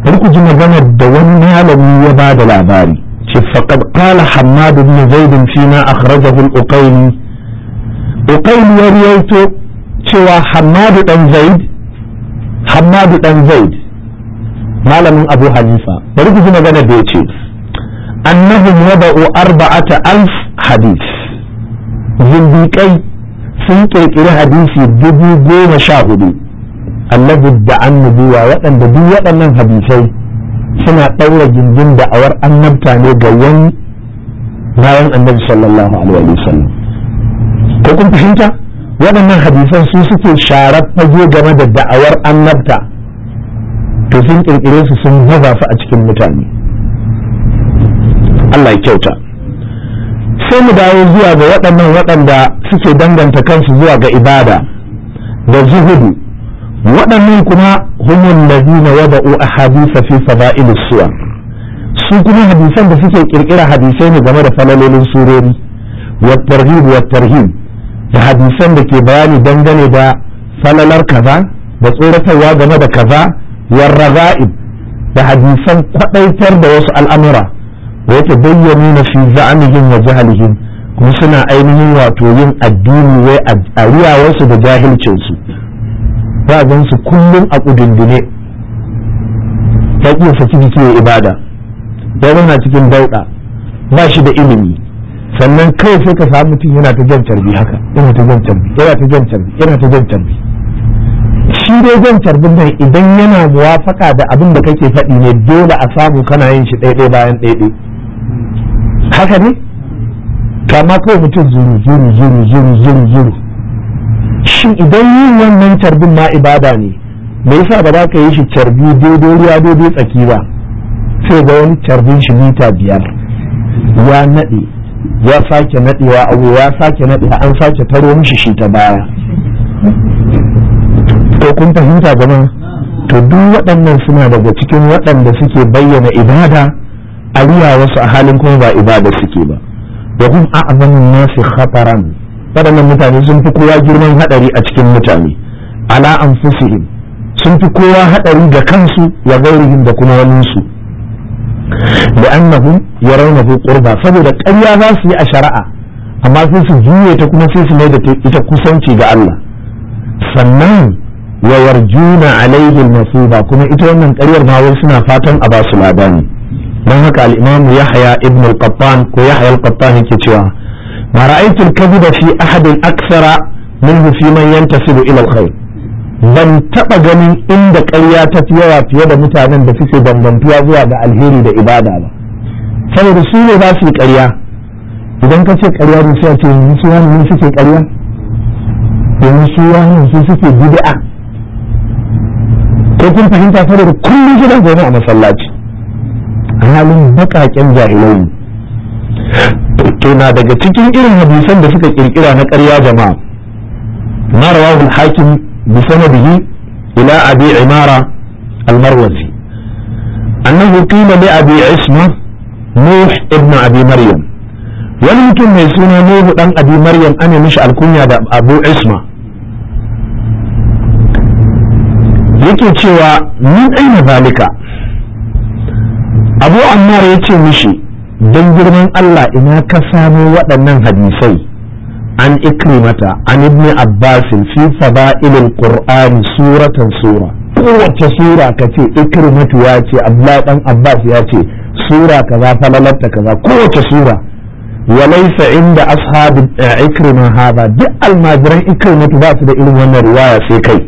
bari ku ji maganar da wani malami ya ba da labari ce faqad qala hammad ibn zaid fi ma akhrajahu al uqail ya riwaito cewa hammadu dan zaid Hamadu dan zaid malamin abu hanifa bari ku ji magana da yace annahum wada'u arba'ata alf hadith zindiƙai sun ƙirƙiri hadisi dubu goma sha hudu annabi da annabuwa waɗanda duk waɗannan hadisai suna ɗaura gindin da'awar annabta ne ga wani bayan annabi sallallahu alaihi sallam. ko kun fahimta waɗannan hadisan su suke sharar fage game da da'awar annabta to sun kirkire su sun baza su a cikin mutane Allah ya kyauta sai mu dawo zuwa ga waɗannan waɗanda suke danganta kansu zuwa ga ibada da zuhudu waɗannan kuma humun ladina wada'u ahadisa fi fada'ilis suwa su kuma hadisan da suke kirkira hadisai ne game da falalolin surori wa tarhib wa tarhib da hadisan da ke bayani dangane da falalar kaza da tsoratarwa game da kaza warraza'ib da hadisan kwadaitar da wasu al'amura wata bayyana na fi za'amihim wa jahilihim kuma suna ainihin wato yin addini wai a riyawarsu da jahilcinsu ba gan su kullum a kudundune ya iya saki jiki ibada ya na cikin dauɗa ba shi da ilimi sannan kawai sai ka samu mutum yana ta jan carbi haka yana ta jan carbi yana ta jan carbi yana ta jan carbi shi dai jan carbin nan idan yana muwafaka da abin da kake faɗi ne dole a samu kana yin shi ɗaiɗai bayan ɗaiɗai haka ne kama kawai mutum zuru zuru zuru zuru zuru zuru shi idan yin wannan carbin ma ibada ne me yasa ba za ka yi shi carbi daidai ruwa daidai tsaki ba sai ga wani carbin shi mita biyar ya naɗe ya sake nadewa abu ya sake nadewa an sake taro mishi shi ta baya to kun fahimta jama'a to duk waɗannan suna daga cikin waɗanda suke bayyana ibada a riya wasu a halin kuma ba ibada suke ba wa hum a'zamun nasi khataran waɗannan mutane sun fi kowa girman hadari a cikin mutane ala anfusihim sun fi kowa hadari ga kansu wa gairihim da kuma waninsu li'annahum yarawnahu qurba saboda ƙarya za su yi a shari'a amma sai su juye ta kuma sai su mai da ita kusanci ga Allah sannan yawar juna alaihi al kuma ita wannan ƙaryar ma suna fatan a ba su labari dan haka al-imam Yahya ibn al-Qattan ko Yahya al-Qattan yake cewa ma ra'aytu al-kadhiba fi ahadin aksara minhu fi man yantasibu ila al-khair ban taɓa ganin inda ƙarya ta fi yawa fiye da mutanen da suke bambantuwa zuwa ga alheri da ibada ba saboda su ne za su yi ƙarya idan ka ce ƙarya ne sai a ce yanzu su wani ne suke ƙarya yanzu su wani su suke bid'a ko kun fahimta saboda kullum shi zan zaune a masallaci halin baƙaƙen jahilai to na daga cikin irin hadisan da suka kirkira na ƙarya jama'a na rawahul hakim بسنده إلى أبي عمارة المروزي أنه قيل لأبي عصمة نوح ابن أبي مريم wani mutum mai suna Nuhu ɗan Abi Maryam ana mishi alkunya da Abu Isma yake cewa min aina zalika Abu Ammar ya ce mishi don girman Allah ina ka samo waɗannan hadisai an ikrimata an ibn abbas fi fada'ilil qur'an suratan sura kowace sura ka ce ikrimatu ya ce abdullahi abbas ya ce sura kaza falalarta kaza kowace sura walaisa inda ashabi eh, ikrima hada duk almajiran ikrimatu ba da irin wannan riwaya sai kai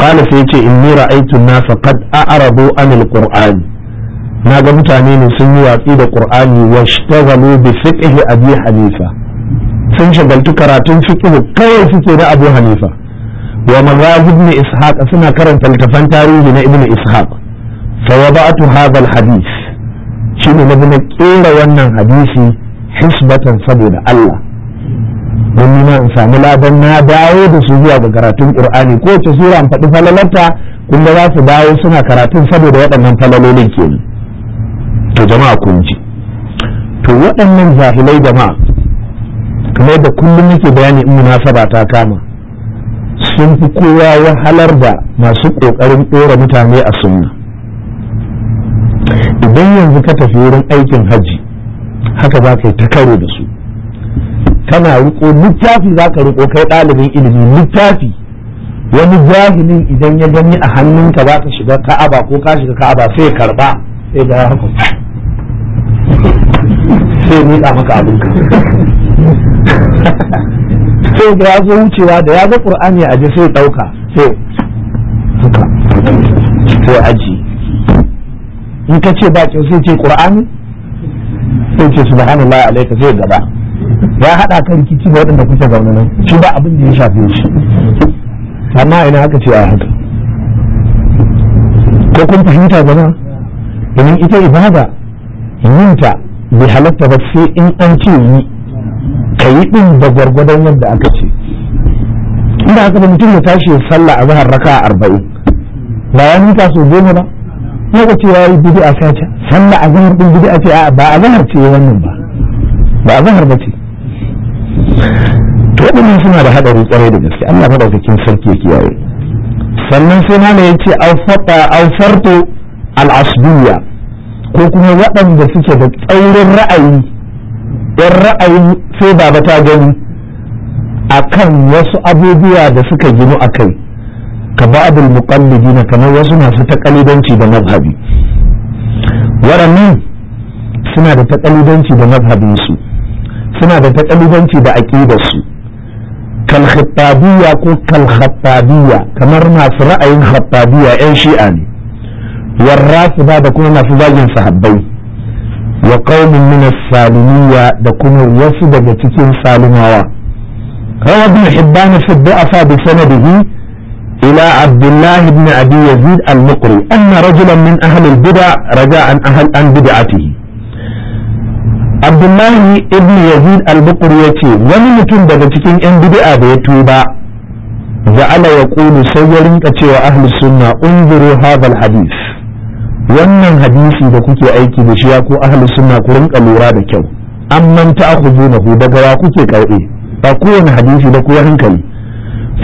qala sai yace inni ra'aytu an-nasa qad a'radu anil qur'ani na ga mutane ne sun yi watsi da qur'ani washtaghalu bi fiqhi abi hanifa sun shagaltu karatun fiqh kawai suke da Abu Hanifa wa mazhab ibn Ishaq suna karanta littafan tarihi na ibn Ishaq fa wada'tu hadha al shine na na kera wannan hadisi hisbatan saboda Allah don nima in samu ladan na dawo da su zuwa ga karatun Qur'ani ko ta sura an faɗi falalarta Kuma za su dawo suna karatun saboda waɗannan falalolin kenan to jama'a kun ji to waɗannan zahilai jama'a kamar da kullum yake bayani in munasaba ta kama sun fi kowa wahalar da masu ƙoƙarin ɗora mutane a sunna idan yanzu ka tafi wurin aikin hajji haka za ka yi ta karo da su kana riko littafi za ka riko kai ɗalibin ilimi littafi wani jahilin idan ya gani a hannunka za ka shiga ka'aba ko ka shiga ka'aba sai karba sai ga haka sai miƙa maka abinka sai da ya zo wucewa da ya zo qur'ani a je sai dauka sai suka. sai aji in ka ce ba sai ce qur'ani sai ce subhanallah alaika sai gaba ya hada kan kici da waɗanda kuke zaune nan shi ba abin da ya shafe shi amma ina haka ce a haka ko kun fahimta gaba domin ita ibada yinta bai halatta ba sai in an ce yi ka yi ɗin da gwargwadon yadda aka ce inda aka da mutum ya tashi ya salla a zahar raka arba'in ba ya huta sau goma ba ya cewa ya yi bid'a a sace salla a zahar ɗin a ce ba a zahar ce wannan ba ba a zahar ba ce to waɗannan suna da haɗari kwarai da gaske Allah madaukakin sarki ya kiyaye sannan sai na ya ce alfarto al'asbiya ko kuma waɗanda suke da tsaurin ra'ayi don ra'ayin sai baba ta gani a kan wasu abubuwa da suka ginu a kai ka ba abin ba'adul gina kamar wasu masu takalidanci da mazhabi waɗannan suna da takalidanci da mazhabinsu suna da takalidanci da aƙidarsu kalhattabiya ko kalhattabiya kamar masu ra'ayin hattabiya 'yan shi'a ne warra su ba da kuma masu zagin sahabbai wa qaumin min as da kuma wasu daga cikin salimawa rawa bin hibban fi da'afa bi sanadihi ila abdullah ibn abi yazid al-muqri anna rajulan min ahli yazid al yace wani mutum daga cikin yan bid'a da ya tuba za'ala yaqulu sayyarin ka cewa ahli sunna unziru hadha al-hadith wannan hadisi da kuke aiki da shi ya ko ahlus sunna ku rinka lura da kyau amman ta'khudunahu daga wa kuke karbe ba kowane hadisi da ku hankali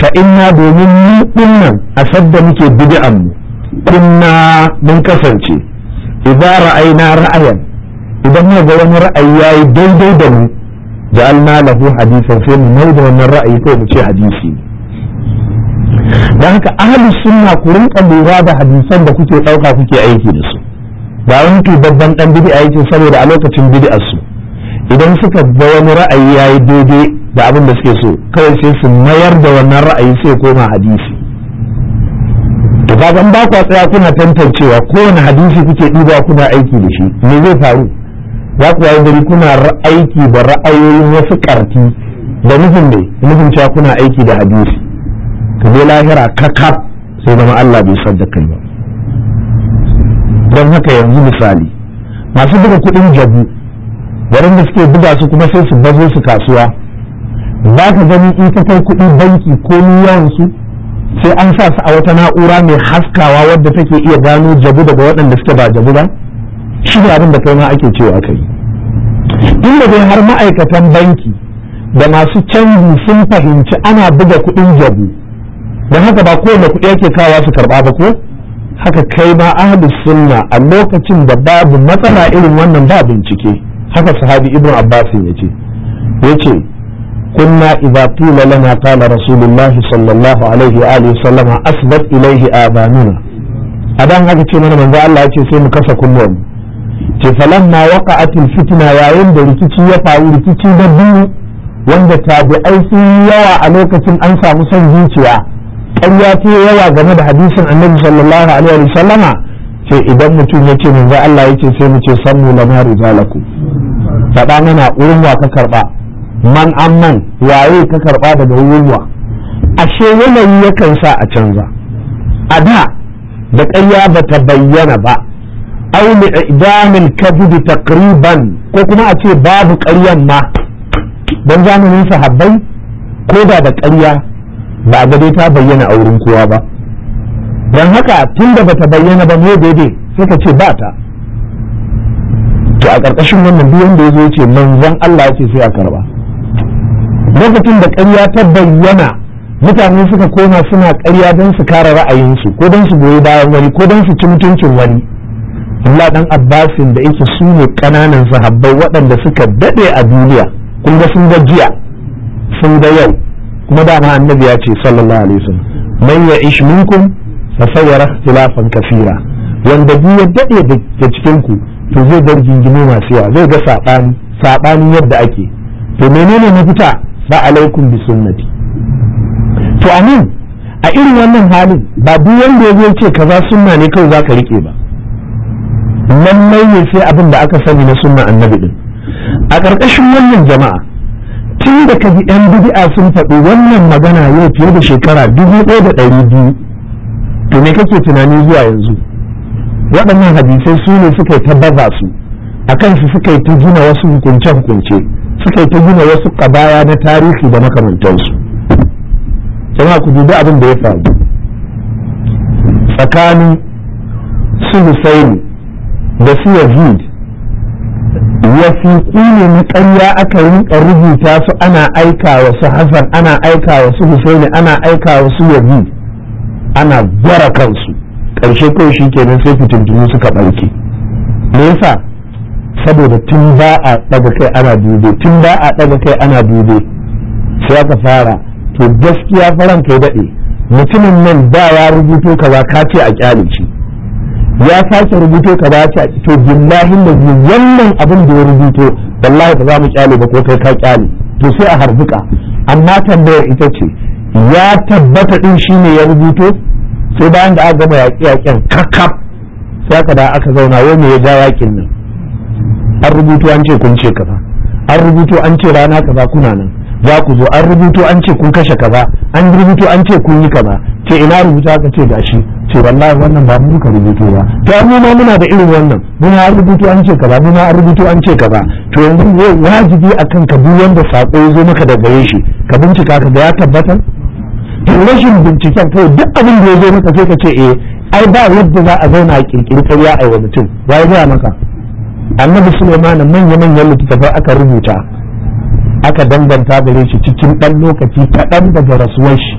fa inna domin mu dinnan a da muke bid'an mu kunna mun kasance idza ra'ayna ra'ayan idan mu ga wani ra'ayi yayi daidai da mu ja'alna lahu hadisan sai mu maida wannan ra'ayi ko mu ce hadisi don haka ahalus sunna ku rinka lura da hadisan da kuke ɗauka kuke aiki da su ba wani babban dan bid'a yake saboda a lokacin bid'ar su idan suka ga wani ra'ayi yayi daidai da abin da suke so kawai sai su mayar da wannan ra'ayi sai koma hadisi to zan ba ku tsaya kuna tantancewa kowane hadisi kuke ɗiba kuna aiki da shi me zai faru za ku yayi gari kuna aiki da ra'ayoyin wasu ƙarfi da nufin ne nufin cewa kuna aiki da hadisi ka je lahira kaka sai zama Allah bai sadda kai ba don haka yanzu misali masu buga kuɗin jabu da suke buga su kuma sai su bazo su kasuwa za ka gani in ka kai kuɗi banki ko yawan su sai an sa su a wata na'ura mai haskawa wadda take iya gano jabu daga waɗanda suke ba jabu ba shi ne abin da kai ma ake cewa kai inda dai har ma'aikatan banki da masu canji sun fahimci ana buga kuɗin jabu don haka ba kowane kuɗi yake kawo su karɓa ba ko haka kai ma ahli sunna a lokacin da babu matsala irin wannan ba bincike haka sahabi ibn abbas ya ya yace kunna idza qila lana qala rasulullah sallallahu alaihi wa alihi sallama asbat ilaihi abanuna adan haka ce mana manzo Allah ce sai mu kasa kunnuwan ce falamma waqa'atil fitna yayin da rikici ya faru rikici da biyu wanda tabi'ai sun yawa a lokacin an samu son zuciya ƙarya ta yawa game da hadisin annabi sallallahu alaihi wa sallama ce idan mutum ya ce manzo Allah ya ce sai mu ce sannu lana rijalaku faɗa mana wurin wa ka karɓa man man waye ka karɓa daga wurin ashe yanayi yakan sa a canza a da da ƙarya ba ta bayyana ba au mi idamil kadhib taqriban ko kuma a ce babu ƙaryan ma dan zamanin sahabbai ko da da ƙarya ba ga dai ta bayyana a wurin kowa ba don haka tun da bata bayyana ba ne daidai sai ka ce ba ta to a ƙarƙashin wannan duk da ya zo ce manzon Allah ya ce sai a karba lokacin da ƙarya ta bayyana mutane suka koma suna ƙarya don su kare ra'ayinsu ko don su goyi bayan wani ko don su ci mutuncin wani Allah dan Abbasin da yake su ne ƙananan sahabbai waɗanda suka daɗe a duniya kun ga sun ga jiya sun ga yau kuma annabi ya ce sallallahu alaihi wasallam man ya ish minkum fa sayara ikhtilafan kaseera wanda duk ya dade da cikin ku to zai ga jingimu masu yawa zai ga sabani sabani yadda ake to menene mafita ba alaikum bi sunnati to amin a irin wannan halin ba duk wanda ya zo ce kaza sunna ne kawai zaka rike ba nan mai ne sai abin da aka sani na sunna annabi din a ƙarƙashin wannan jama'a tun da ka ji ɗan bid'a sun faɗi wannan magana yau fiye da shekara dubu ɗaya da ɗari biyu to me kake tunani zuwa yanzu waɗannan hadisai su ne suka yi ta su a kansu suka yi ta gina wasu hukunce-hukunce suka ta gina wasu ƙabaya na tarihi da makamantansu jama'a ku dubi abin da ya faru tsakanin su Husaini da su Yazid wasiƙi ne na ƙarya aka rinka rubuta su ana aika wa su Hassan ana aika wa su Husaini ana aika wa su Yabi ana gwara kansu ƙarshe kawai shi kenan sai fitintunu suka ɓarke me yasa saboda tun ba a ɗaga kai ana dube tun ba a ɗaga kai ana dube sai aka fara to gaskiya faran kai daɗe mutumin nan ba ya rubuto kaza ka ce a kyalici ya sake rubuto ka ba ta to billahi lazi wannan abin da ya rubuto wallahi ba za mu kyale ba ko kai ka kyale to sai a harbuka amma tambayar ita ce ya tabbata din shine ya rubuto sai bayan da aka gama yaƙi yaƙen kakaf sai aka da aka zauna wai me ya ja yaƙin nan an rubuto an ce kun ce kaza an rubuto an ce rana kaza kuna nan za ku zo an rubuto an ce kun kashe kaza an rubuto an ce kun yi kaza ce ina rubuta ka ce gashi ce wallahi wannan ba ka rubuto ba to an ma muna da irin wannan muna an rubuto an ce kaza muna an rubuto an ce kaza to yanzu wajibi akan ka duk wanda sako ya zo maka daga gare shi ka bincika ka ga ya tabbata to rashin binciken kai duk abin da ya zo maka sai ka ce eh ai ba yadda za a zauna a kirkiri karya a wa mutum ya ga maka annabi Sulaiman manya-manyan littattafai aka rubuta aka danganta gare shi cikin ɗan lokaci kaɗan daga rasuwar shi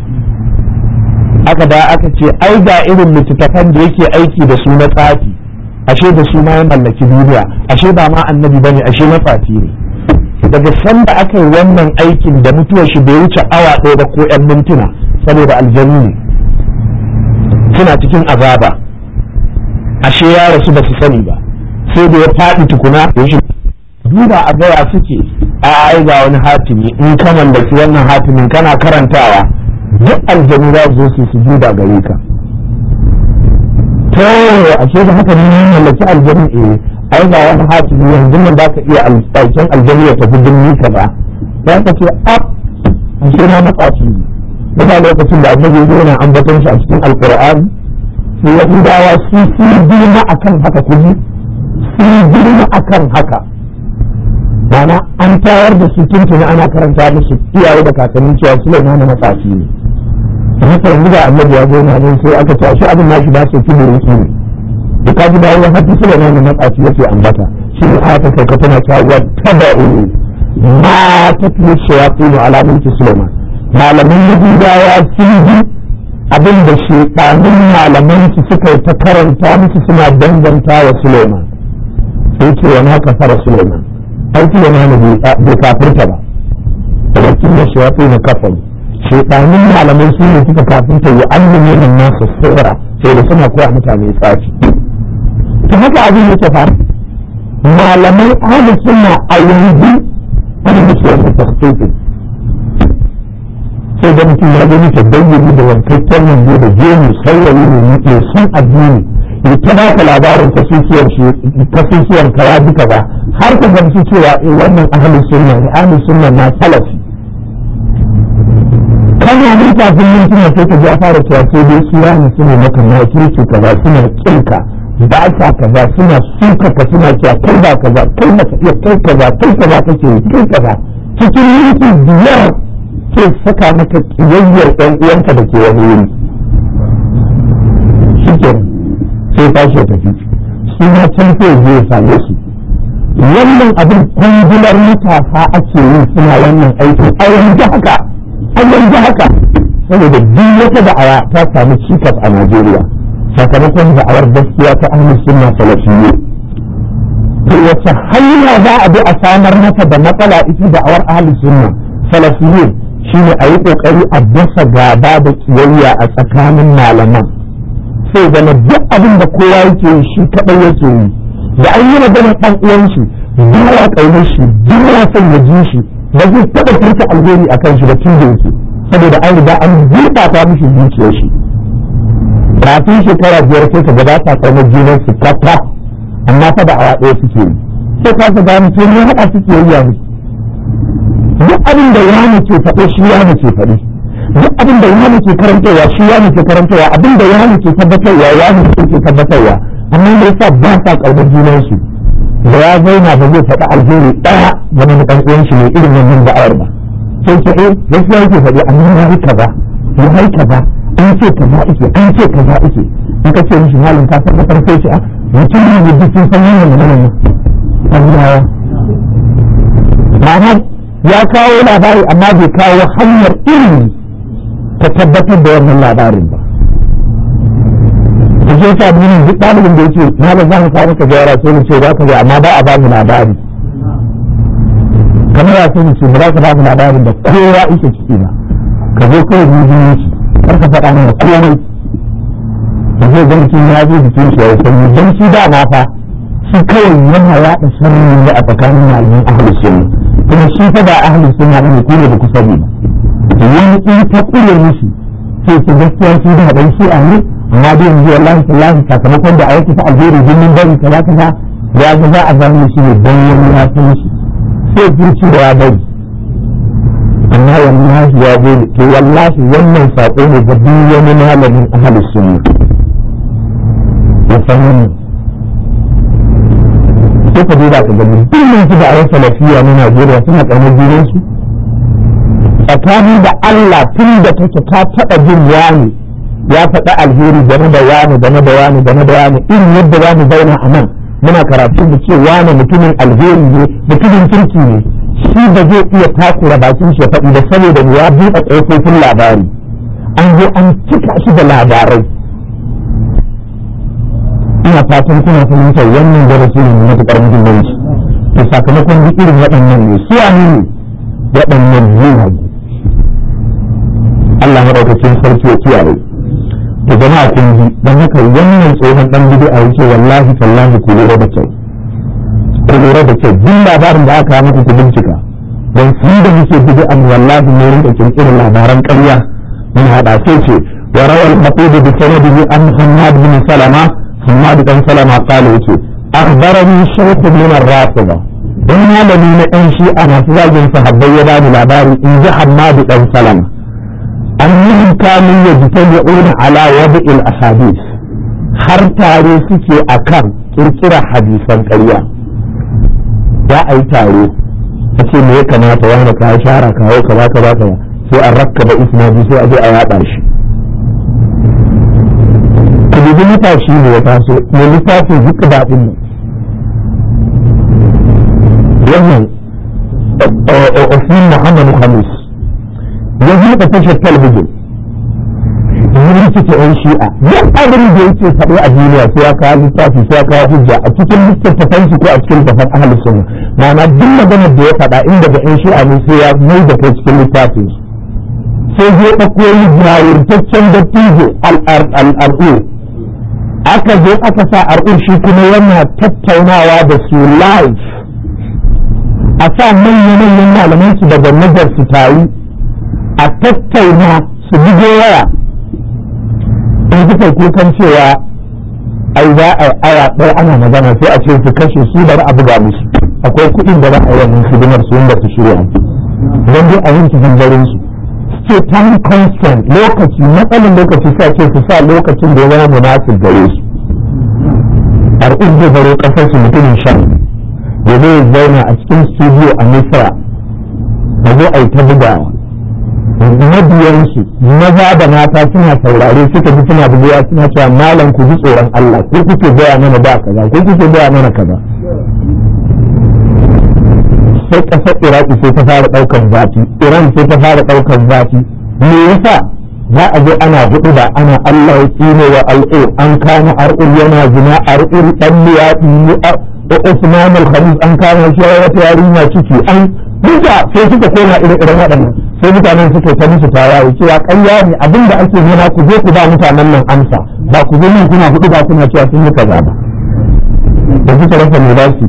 aka da aka ce ai ga irin littattafan da yake aiki da su na tsafi ashe da su ma ya mallaki duniya ashe ba ma annabi bane ashe matsafi ne daga sanda aka yi wannan aikin da mutuwar shi bai wuce awa ɗaya ba ko ƴan mintuna saboda aljanu ne suna cikin azaba ashe ya rasu ba su sani ba sai da ya faɗi tukuna da shi duba a gaya suke a ai ga wani hatimi in ka mallaki wannan hatimin kana karantawa duk aljanu za su zo su sujuda gare ka to a ce da haka ne mallaki aljanu eh ai ga wani hatimi yanzu nan ba ka iya alƙaƙen aljanu ya tafi dinni ka ba ba ka ce a ce na matsaci ne ba lokacin da annabi ya zo na ambaton shi a cikin alƙur'ani sai ya dawa su su bi na akan haka kuma su bi na akan haka bana an tayar da su tuntuni ana karanta musu iyaye da kakannin cewa Sulaiman matsafi ne da haka yanzu da annabi ya zo na nan sai aka ce shi abin nashi ba su kibiri su ne da kaji da ya hatta Sulaiman matsafi ya yake ambata shi ne aka sauka tana cewa tabau ma tatlu shayatin ala mulki Sulaiman malamin yahudawa sun ji abin da shekanun malaman su suka yi ta karanta musu suna danganta wa Sulaiman sai ce wa na kafara Sulaiman an sulemanu bai kafirta ba wakilin shayafi na kafar shaidanin malamai su ne suka kafirta ya allumi nan nasu sura sai da suna koya mutane tsafi ta haka abin yake faru malamai ahli sunna a yanzu an yi su wasu tafsirin sai da mutum ya gani ta bayyana da wankakken yanzu da gemu yi ne ya san addini ya ta ba ka labarin kasusiyar kasusuwan kawa duka ba har ka gamsu cewa a eh, wannan ahalin sunan ne ahalin sunan na salafi kana ne kafin mun suna sai ka ji a fara cewa sai dai su yana suna maka na kirki kaza suna kinka ba sa kaza suna suka ka suna cewa kai ba kaza kai ba iya kai kaza kai kaza kake kai kaza cikin minti biyar ke saka maka kiyayyar ɗan uwanka da ke wani wuri shi kenan sai tashi ya tafi su can sai zai same su wannan abin kungular matasa ake yi suna wannan aiki a yanzu haka a yanzu haka saboda duk wata da'awa ta samu cikas a Najeriya sakamakon da'awar gaskiya ta ahlus sunna salafiyya to wace hanya za a bi a samar mata da matsala ita da'awar ahlus sunna shi shine a yi kokari a dasa gaba da kiyayya a tsakanin malaman sai zama duk abin da kowa yake yi shi kaɗai yake yi da an yi maganar ɗan uwan shi ƙaunar shi duk son ya ji shi ba zai taɓa furta alheri a kan shi ba cin yake saboda an riga an ta mishi zuciyar shi kafin shekara biyar sai ka gaba ta ƙaunar junan su kafa amma fa da awa ɗaya suke yi sai ka ga gani to ne suke yi yanzu duk abin da ya mace faɗi shi ya mace faɗi duk abin da yohana ke karantarwa shi yohana ke karantarwa abin da yohana ke tabbatarwa yohana ke tabbatarwa amma da yasa ba sa kaunar su da ya zauna ba zai faɗi alheri ɗaya wani na ɗan shi ne irin wannan da'awar ba sai ce eh gaskiya yake faɗi amma ya haika ba. ya haika ba an ce za ake an ce za ake in ka ce mishi malin ka san kasar sai ce a ah, mutum ne da dukkan sun san wannan magana ne Allah ya kawo labari amma bai kawo hanyar ilimi ta tabbatar da wannan labarin ba ta je ta bin duk ɗalibin da yake na ba za ka samu ka gyara sai mu ce za ka ga amma ba a ba mu labari kamar ya sai mu ce ba za ka ba mu labarin da kowa yake ciki na. ka zo kawai mu ji ci Kar ka faɗa mana komai da zo gan ki ya zo jikin shi ya sanyi don shi da na fa shi kawai yana yaɗa sanyi ne a tsakanin malamin ahlus ne. kuma shi fa da ahlus na ne ko ne da kusa ne wani in ta kure musu sai su gaskiya su da haɗari shi a ne amma dai yanzu wallahi tallahi sakamakon da yake ta aljeri jinin bari kaza kaza ya ga za a zama shi ne dan wani ya san shi sai furci da ya bari amma wallahi ya dole to wallahi wannan saƙo ne ga duk wani malamin ahlus sunna ya fahimta sai ka duba ka gani duk mun da yi lafiya na Najeriya suna ƙaunar junan su tsakanin da Allah tun da take ta taɓa jin wani ya faɗa alheri game da wani game da wani game da wani irin yadda wani zauna a nan muna karatu da ce wani mutumin alheri ne mutumin kirki ne shi da zai iya takura bakin shi ya faɗi da saboda ya buɗe ƙofofin labari an zo an cika shi da labarai ina fatan kuna fahimtar wannan darasi ne na matuƙar muhimmanci to sakamakon irin waɗannan ne su ne waɗannan yanayi Allah madaukakin sarki ya kiyaye to jama'a kun ji dan haka wannan tsohon dan bid'a yake wallahi tallahi ku lura da kyau ku lura da kyau duk labarin da aka muku ku bincika dan su da muke bid'a wallahi ne rinka kirkirar labaran ƙarya mun hada sai ce wa rawal maqud bi sanadihi an Muhammad bin Salama Muhammad bin Salama qala yace akhbarani shaykh min ar-rafida dan malami na dan shi'a masu zagin sahabbai ya bani labari in ji Hammad dan Salama min annahum ya yajtami'una ala wad'il ahadith har tare suke akan kirkira hadisan karya. ya a yi taro a ce me ya kamata wani ka shara kawo ka ba ka ba ka sai a rakka da isnadi sai a je a yaɗa shi ka dubi matashi ne ya taso mai littafin zuƙa daɗin wannan Osman eh, eh, Muhammad Khamis yanzu muka tashar talabijin yanzu rikice yan shi'a duk abin da yake faɗo a duniya sai ya kawo littafi sai ya kawo hujja a cikin littattafan shi ko a cikin littattafan ahalus sunna ma'ana duk maganar da ya faɗa inda da yan shi'a ne sai ya mai da kai cikin littafin shi sai zai ɗauko yi jawurtaccen dattijo al'ar'u aka zo aka sa ar'u shi kuma yana tattaunawa da su live a sa manya-manyan malaman su daga nazar su tayi a tattauna su bugo waya in ji kukan cewa ai za a aya ɗaya ana magana sai a ce su kashe su bari a buga musu akwai kuɗin da za a yi wannan hidimar su wanda su shirya don dai a yanki hanzarin su ce time constant lokaci matsalin lokaci sa ce su sa lokacin da ya zama munasib gare su zai baro kasar su mutumin sha da zai zauna a cikin studio a misra da zai aita bugawa mabiyansu maza da mata suna saurare suka ji suna buguwa suna cewa malam ku ji tsoron Allah ko kuke gaya mana ba kaza ko kuke gaya mana kaza sai kasar iraki sai ta fara daukar zafi iran sai ta fara daukar zafi me yasa za a je ana hudu ba ana Allah ya tsine wa al'ur an kama ar'ur yana zina ar'ur dan liyafi ne a Usman al-Khamis an kama shi wata yarinya ciki an duka sai suka koma ire-iren waɗannan sai mutanen suke ta musu tawaye cewa ƙarya ne abin da ake nuna ku je ku ba mutanen nan amsa ba ku zo nan kuna hudu ba kuna cewa sun yi kaza ba da suka rasa mai ba su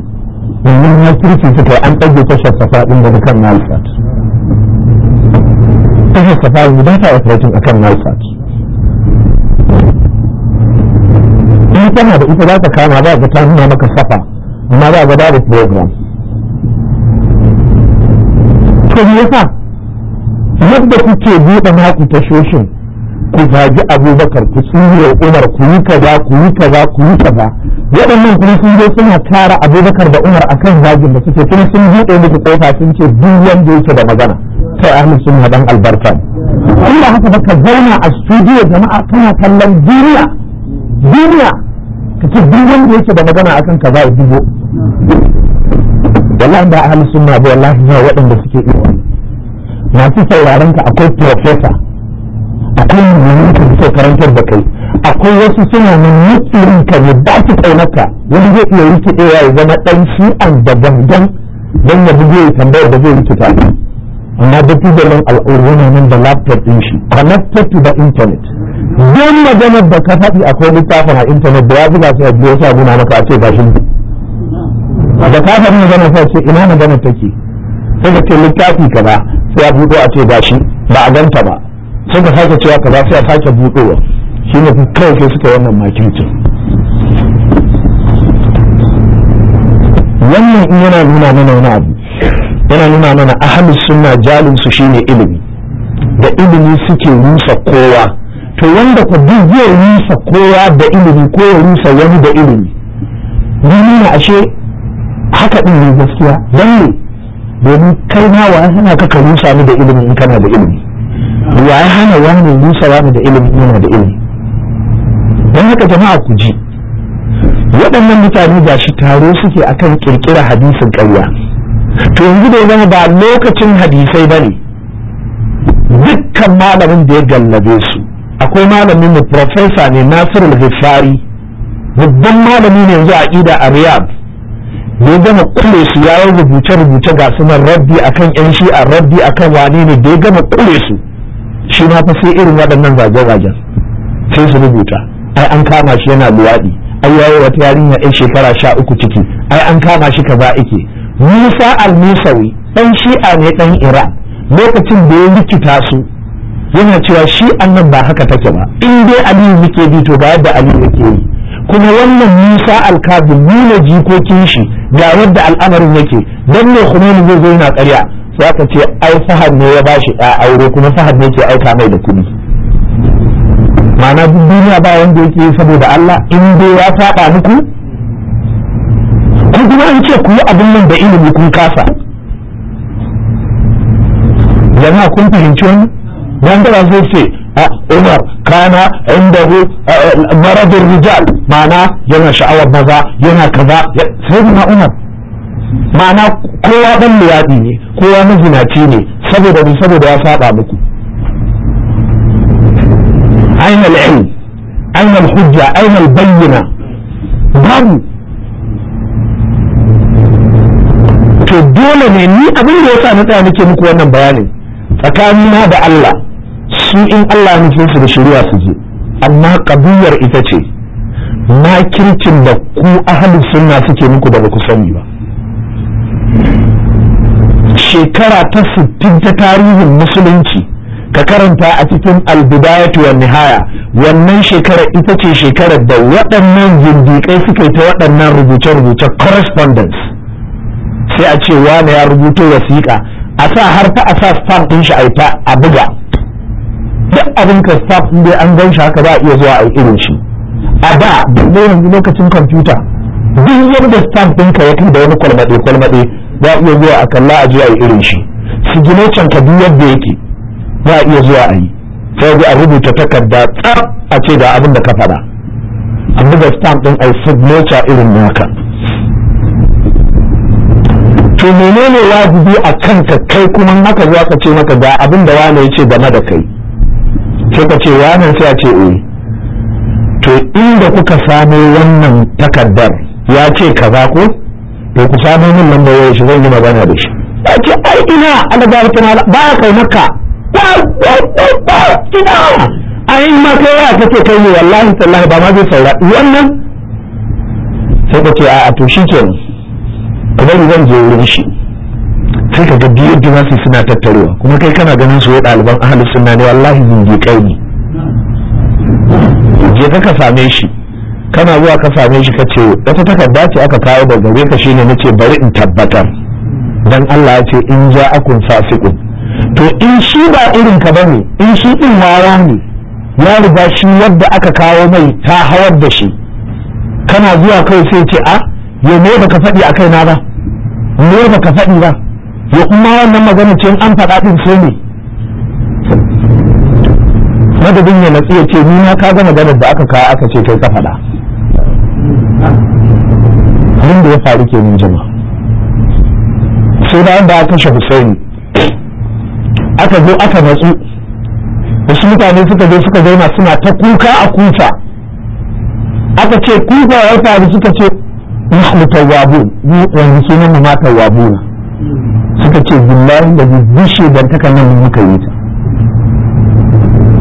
domin na kirki suka yi an ɗage ta safa ɗin daga kan nalsat tashar safa yanzu ba ta operating a kan nalsat in tana da ita za ta kama ba ga ta nuna maka safa amma ba ga babu program to me yasa yadda kuke buɗe naku tashoshin ku zagi abubakar ku tsira umar ku yi kaza ku yi kaza ku yi kaza waɗannan kuma sun zo suna tara abubakar da umar akan zagin da suke kuma sun buɗe muku kofa sun ce duk wanda yake da magana ta ahlus sunna dan albarka in ba haka ba ka zauna a studio jama'a kana kallon duniya duniya ka ce duk wanda yake da magana akan kaza a dubo wallahi ba ahli sunna ba wallahi ne waɗanda suke iya masu sauraron ka akwai professor akwai mun ka so karantar da kai akwai wasu suna nan mutsirin ka ne ba su tsaunaka wani zai iya yi rikide ya zama dan shi'an da gangan dan ya buge tambayar da zai rikita amma da tubalin da nan da laptop din shi connected to the internet don maganar da ka faɗi akwai littafin a internet da ya buga sai ya biyo sa guna maka a ce ne da ka ne zama sai ce ina magana take sai ka ce littafi kaza sai a buɗo a ce gashi ba a ganta ba sai ka sake cewa kaza sai a sake buɗowa shi ne kawai sai suka wannan makircin wannan in yana nuna mana wani abu yana nuna mana ahalus sunna su shine ilimi da ilimi suke rusa kowa to wanda ku duk zai rusa kowa da ilimi ko ya rusa wani da ilimi nuna ashe haka ɗin ne gaskiya dan ne domin kai ma wa hana ka ka rusa ni da ilimi in kana da ilimi wa hana wani rusa wani da ilimi yana da ilimi dan haka jama'a ku ji waɗannan mutane ga shi taro suke akan kirkira hadisin ƙarya to yanzu da zama ba lokacin hadisai ba ne dukkan malamin da ya gallabe su akwai malamin mu profesa ne Nasiru Al-Ghifari babban malami ne yanzu a Ida a Riyadh ya gama kule su ya yi rubuce-rubuce ga sunan rabbi akan yan shi'a rabbi akan wani ne da ya gama ƙure su shi ma fa sai irin waɗannan zage-zagen sai su rubuta ai an kama shi yana luwaɗi ai yayi wata yarinya yan shekara sha uku ciki ai an kama shi kaza ike musa al-musawi ɗan shi'a ne ɗan iran lokacin da ya likita su yana cewa shi nan ba haka take ba in dai aliyu muke bi to ba yadda aliyu yake yi kuma wannan Musa al nuna jikokin shi ga wadda al'amarin yake dan ne Khomeini zai zo yana ƙarya sai ka ce ai Fahad ne ya bashi ɗa aure kuma Fahad ne ke aika mai da kuɗi ma'ana duk duniya ba wanda yake saboda Allah in dai ya saba muku ku? kuma an ce ku yi abin nan da ilimi kun kasa jama'a kun fahimci wani dan da zai ce umar kana hu maradin rijal ma'ana yana sha'awar maza yana kaza sai na umar ma'ana kowa dan liyadi ne kowa mazinaci ne saboda ni saboda ya saba muku aina al'ilm aina al-hujja aina al-bayyina babu to dole ne ni abin da yasa na tsaya nake muku wannan bayanin tsakanina da Allah su in Allah nufin su da shari'a su je amma kabiyar ita ce na kirkin da ku ahli sunna suke muku da baku sani ba shekara ta sittin ta tarihin musulunci ka karanta a cikin albidayatu wa nihaya wannan shekara ita ce shekarar da waɗannan zindikai suka yi ta waɗannan rubuce-rubuce correspondence sai a ce wane ya rubuto wasiƙa a sa har ta a sa stamp ɗin shi a buga duk abin ka staff in dai an gan shi haka za a iya zuwa a irin shi a da duk yanzu lokacin kwamfuta duk yadda stamp ɗinka ya kai da wani kwalmaɗe kwalmaɗe za a iya zuwa a kalla a je a irin shi can ka duk yadda yake za a iya zuwa a yi sai a rubuta takarda tsaf a ce da abin da ka faɗa an buga stamp ɗin a signature irin naka to menene wajibi a kanka kai kuma haka za ka ce maka ga abin da wani ya ce game da kai sai ka ce wani sai a ce eh to inda kuka samo wannan takardar ya ce ka za ko to ku samo min nan da shi zan yi bana da shi ya ce ai ina alaga ta ba kai maka Ba ba ina ai ma kai ya kace kai ne wallahi tallahi ba ma zai saura wannan sai ka ce a to shikenan zan je wurin shi sai ka ga biyu da su suna tattarewa kuma kai kana ganin su ɗaliban ahalus sunna ne wallahi zinge kai ne je ka same shi kana zuwa ka same shi ka ce wata takarda ce aka kawo daga gare ka shine nace bari in tabbatar dan Allah ya ce in ja akun fasiqun to in shi ba irin ka bane in shi din wara ne ya riga shi yadda aka kawo mai ta hawar da shi kana zuwa kai sai ce a ah, yau ba baka faɗi a na ba me baka faɗi ba ya kuma wannan magana ce an faɗa ɗin sai ne madadin ya natsi ya ce ni na ka ga maganar da aka kawo aka ce kai ka faɗa abin da ya faru ke min jima sai bayan da aka kashe Hussaini aka zo aka natsu wasu mutane suka zo suka zauna suna ta kuka a kufa aka ce kuka ya faru suka ce nahnu tawwabun mu yanzu sunan mu ma tawwabuna suka ce billahi da da dan da muka yi ta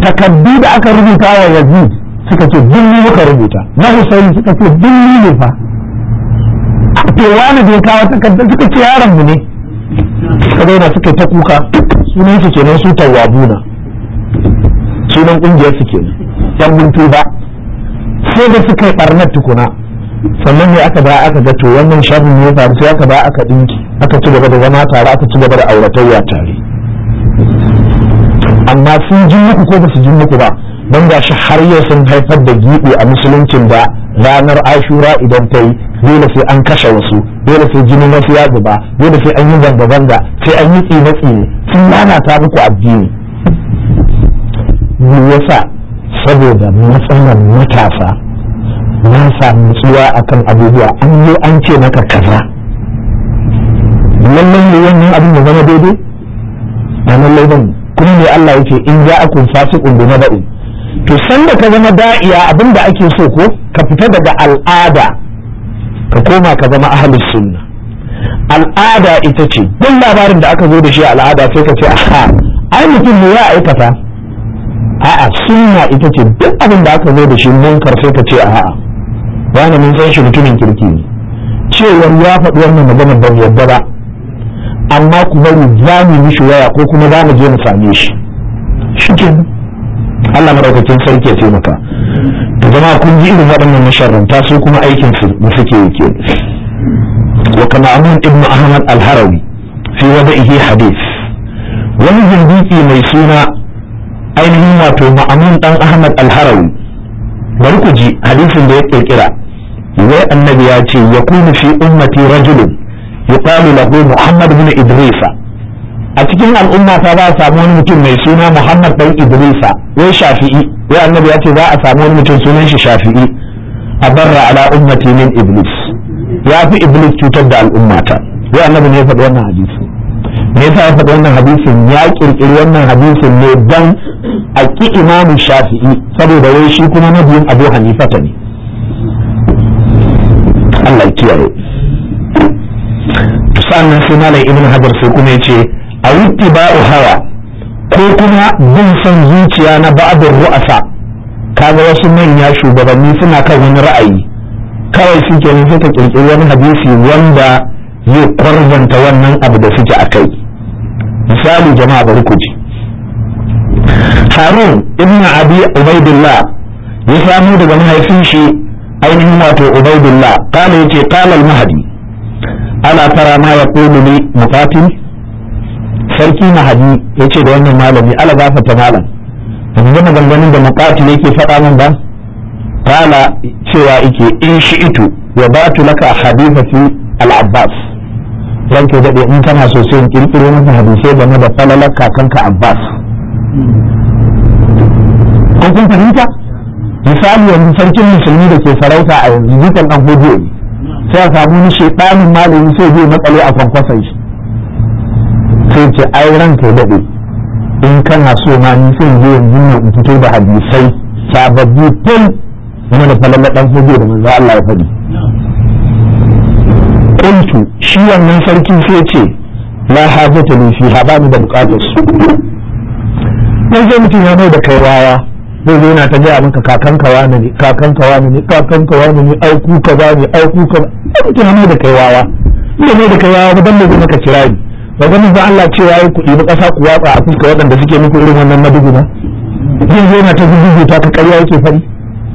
takaddu da aka rubuta wa yazid suka ce dunni muka rubuta na husaini suka ce dunni ne fa to wani da ya kawo takardar suka ce yaron mu ne suka zauna suka ta kuka sunan su kenan su tawabuna sunan kungiyar su kenan yan guntu ba sai da suka yi barnar tukuna sannan ne aka ba aka ga to wannan shafin ne ya faru sai aka ba aka dinki aka ci gaba da zama tare aka ci gaba da auratayya tare amma sun ji muku ko ba su ji muku ba don ga shi har yau sun haifar da giɓi a musuluncin da ranar ashura idan ta yi dole sai an kashe wasu dole sai jinin wasu ya zuba dole sai an yi zanga-zanga sai an yi tsine-tsine sun lalata muku addini me yasa saboda matsalar matasa na samu tsuwa akan abubuwa an yi an ce maka kaza lallai ne wannan abin da zama daidai a lallai bane kuma ne Allah yake in ja akum fasiqun na naba'in to sanda ka zama da'iya abin da ake so ko ka fita daga al'ada ka koma ka zama ahlus sunna al'ada ita ce duk labarin da aka zo da shi al'ada sai ka ce ha, ai mutum ne ya aikata a'a sunna ita ce duk abin da aka zo da shi munkar sai ka ce a'a wani mun san shi mutumin kirki ne cewar ya faɗi wannan maganar ban yadda ba amma ku bari za mu mishi waya ko kuma za mu je mu same shi shikin Allah madaukakin sarki ya taimaka da zama kun ji irin waɗannan masharranta su kuma aikin su da suke yake wa kama amun ibnu ahmad Alharawi. harawi fi ihe hadith wani zindiki mai suna ainihin wato ma'amun dan ahmad Alharawi. bari ku ji hadisin da ya kirkira wai annabi ya ce yakunu fi ummati rajulun yuqalu lahu muhammad bin idrisa a cikin al'ummata ta za a sami wani mutum mai suna muhammad dan idrisa wai shafi'i wai ya ce za a samu wani mutum sunan shi shafi'i a barra ala ummati min iblis ya fi iblis cutar da al'ummata wai annabi ne ya faɗi wannan hadisi me faɗi wannan hadisin ya wannan ne ban a ki shafi'i saboda wai shi kuma na biyun abu ne Allah ya sannan sai malam ibn hajar sai kuma yace a u hawa ko kuma bin son zuciya na ba'dul ru'asa kaga wasu manya shugabanni suna kan wani ra'ayi kawai suke ne sai ta kirkiri wani hadisi wanda zai kwarwanta wannan abu da suke a kai misali jama'a bari ku ji harun ibn abi ubaidillah ya samu daga mahaifin shi ainihin wato ubaidillah kana yace qala al-mahdi ana tara ma ya kulu ne mutati sarki mahadi ya ce da wannan malami ala ta malam ban ga maganganun da mukati yake faɗa min ba kala cewa ike in shi ito ya batu laka haditha fi al-abbas zan ke daɗe in kana sosai sai in kirkiro maka hadisai game da falalar kakanka abbas ko kun fahimta misali yanzu sarkin musulmi da ke sarauta a yanzu kan dan hudu sai a samu wani shaidanin malami sai zai matsale a kwankwasa shi sai ce ai ran ya daɗe in kana so ma ni sai zai yanzu ne in fito da hadisai sababbi tun game da falallaɗan fage da manzo Allah ya faɗi. Kuntu shi wannan sarki sai ce la hajjata ne fi haɓa ni da buƙatar su. Yanzu mutum ya mai da kai rawa zai zo yana ta gaya maka kakan ka wani ne kakan ka wani ne kakan ka wani ne au ka wani au ku ka ai mutum ne da kai wawa ne ne da kai wawa ba dan ne maka kirari ba ganin ba Allah cewa ya kuɗi ba ƙasa ku watsa a kuka waɗanda suke muku irin wannan madugu ba zai zo yana ta gudu ta ka ƙarya yake fari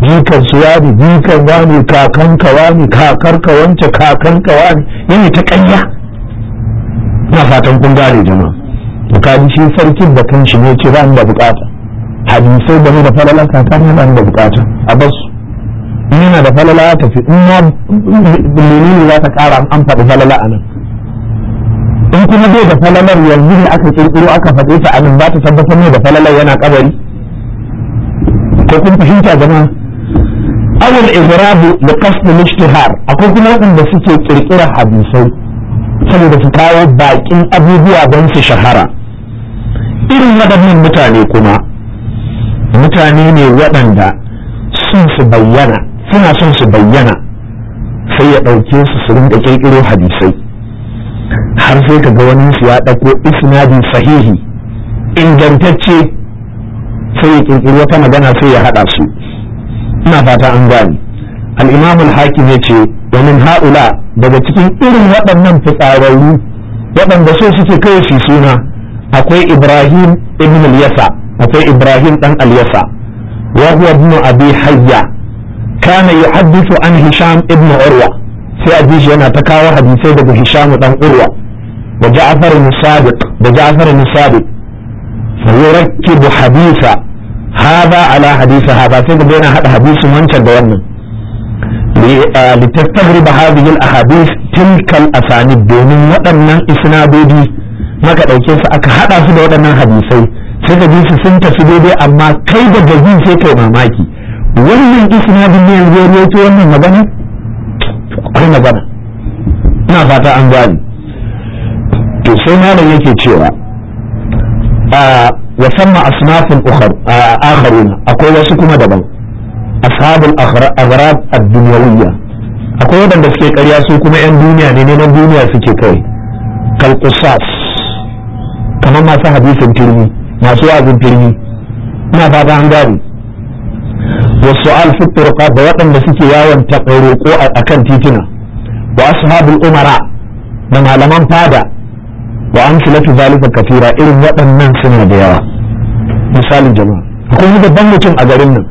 jikan su wani jikan wani kakan ka wani kakar ka wance kakan ka wani yana ta ƙarya na fatan kun gane jama'a to kaji shi sarkin da kanshi ne ce ba da bukata hadisai game da falala kakan yana da bukata a basu yana da falala ya tafi Ina menene za ta kara an faɗi falala a nan in kuma bai da falalar yanzu ne aka kirkiro aka faɗe ta a nan ba ta tabbatar ne da falalar yana kabari ko kun fahimta jama'a awal izrabu da qasd al-ijtihar akwai kuma waɗanda suke kirkira hadisai saboda su kawo bakin abubuwa don su shahara irin waɗannan mutane kuma mutane ne waɗanda sun su bayyana suna son su bayyana sai ya ɗauke su su rinka ƙirƙiro hadisai har sai ka ga wani su ya ɗauko isnadi sahihi ingantacce sai ya ƙirƙiro wata magana sai ya haɗa su ina fata an gani al-imam ne hakim yace min haula daga cikin irin waɗannan fitsararru waɗanda so suke kawai su suna akwai ibrahim ibn al-yasa akwai ibrahim dan alyasa wa huwa ibn abi hayya kana yuhaddithu an hisham ibn urwa sai hadisi yana ta kawo hadisai daga hisham dan urwa wa ja'far ibn sadiq da ja'far ibn sadiq fa yurakkibu hadisa hada ala hadisa hada sai ga yana hada hadisin wancan da wannan لتستغرب هذه الاحاديث تلك الاسانيد domin waɗannan isnadodi maka ɗauke su aka haɗa su da waɗannan hadisai sai ka ji su sun tafi daidai amma kai da gaji sai kai mamaki wannan isnadin ne yanzu ya ce wannan magana akwai magana ina fata an gani to sai malam yake cewa a wa samma asnafun ukhar akharuna akwai wasu kuma daban ashabul aghrab ad-dunyawiyya akwai wadanda suke ƙarya su kuma yan duniya ne neman duniya suke kai kalqusas kamar masu hadisin turmi masu wazin firmi ina fata an gane wasu alfiturka da waɗanda suke yawon roƙo a kan titina wa ashabul umara da malaman fada wa an filatu zalifar kafira irin waɗannan suna da yawa misalin jama'a akwai wani babban mutum a garin nan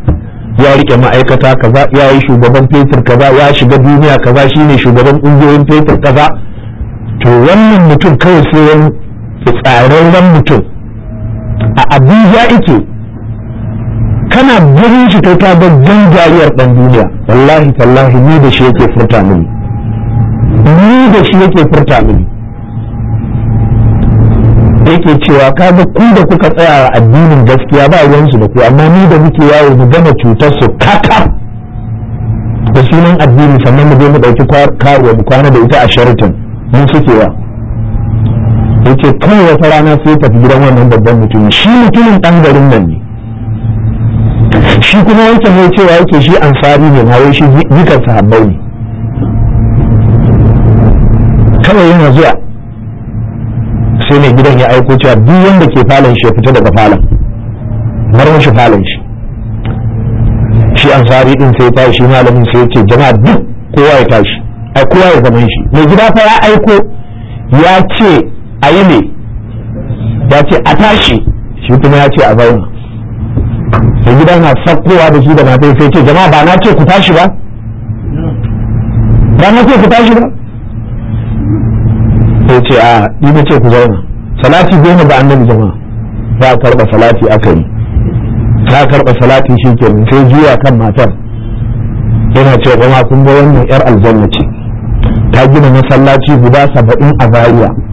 ya rike ma'aikata kaza ya yi shugaban fetur kaza ya shiga duniya kaza shine shugaban ƙungiyoyin fetur kaza to wannan mutum kawai sai wani tsararren mutum a abuja ike kana gurin shi ta ta ga jariyar dan duniya wallahi tallahi ni da shi yake furta mini ni da shi yake furta mini yake cewa ka ga ku da kuka tsaya a addinin gaskiya ba ruwansu da ku amma ni da muke yawo mu gama cutar su kaka da sunan addini sannan mu je mu ɗauki karuwa mu kwana da ita a sheraton mun suke wa da ce kawai wata rana sai tafi gidan wannan babban mutumin shi mutumin ɗan garin nan ne shi kuma wancan mai cewa yake shi amfani ne na shi zikar sahabbai ne kawai yana zuwa sai mai gidan ya aiko cewa duk wanda ke falon shi ya fita daga falon bar shi falon shi shi ansari din sai tashi shi malamin sai ya ce jama'a duk kowa ya tashi a kowa ya zama shi mai gida fa ya aiko ya ce a yi ne ya ce a tashi shi kuma ya ce a zauna da gida na sakkowa da shi da matan sai ce jama'a ba na ce ku tashi ba ba na ce ku tashi ba sai ce a ni na ce ku zauna salati goma ba annabi jama'a za a karɓa salati aka yi za a karɓa salati shi ke sai zuwa kan matar yana ce kuma kun ga wannan yar aljanna ce ta gina masallaci guda saba'in a bariya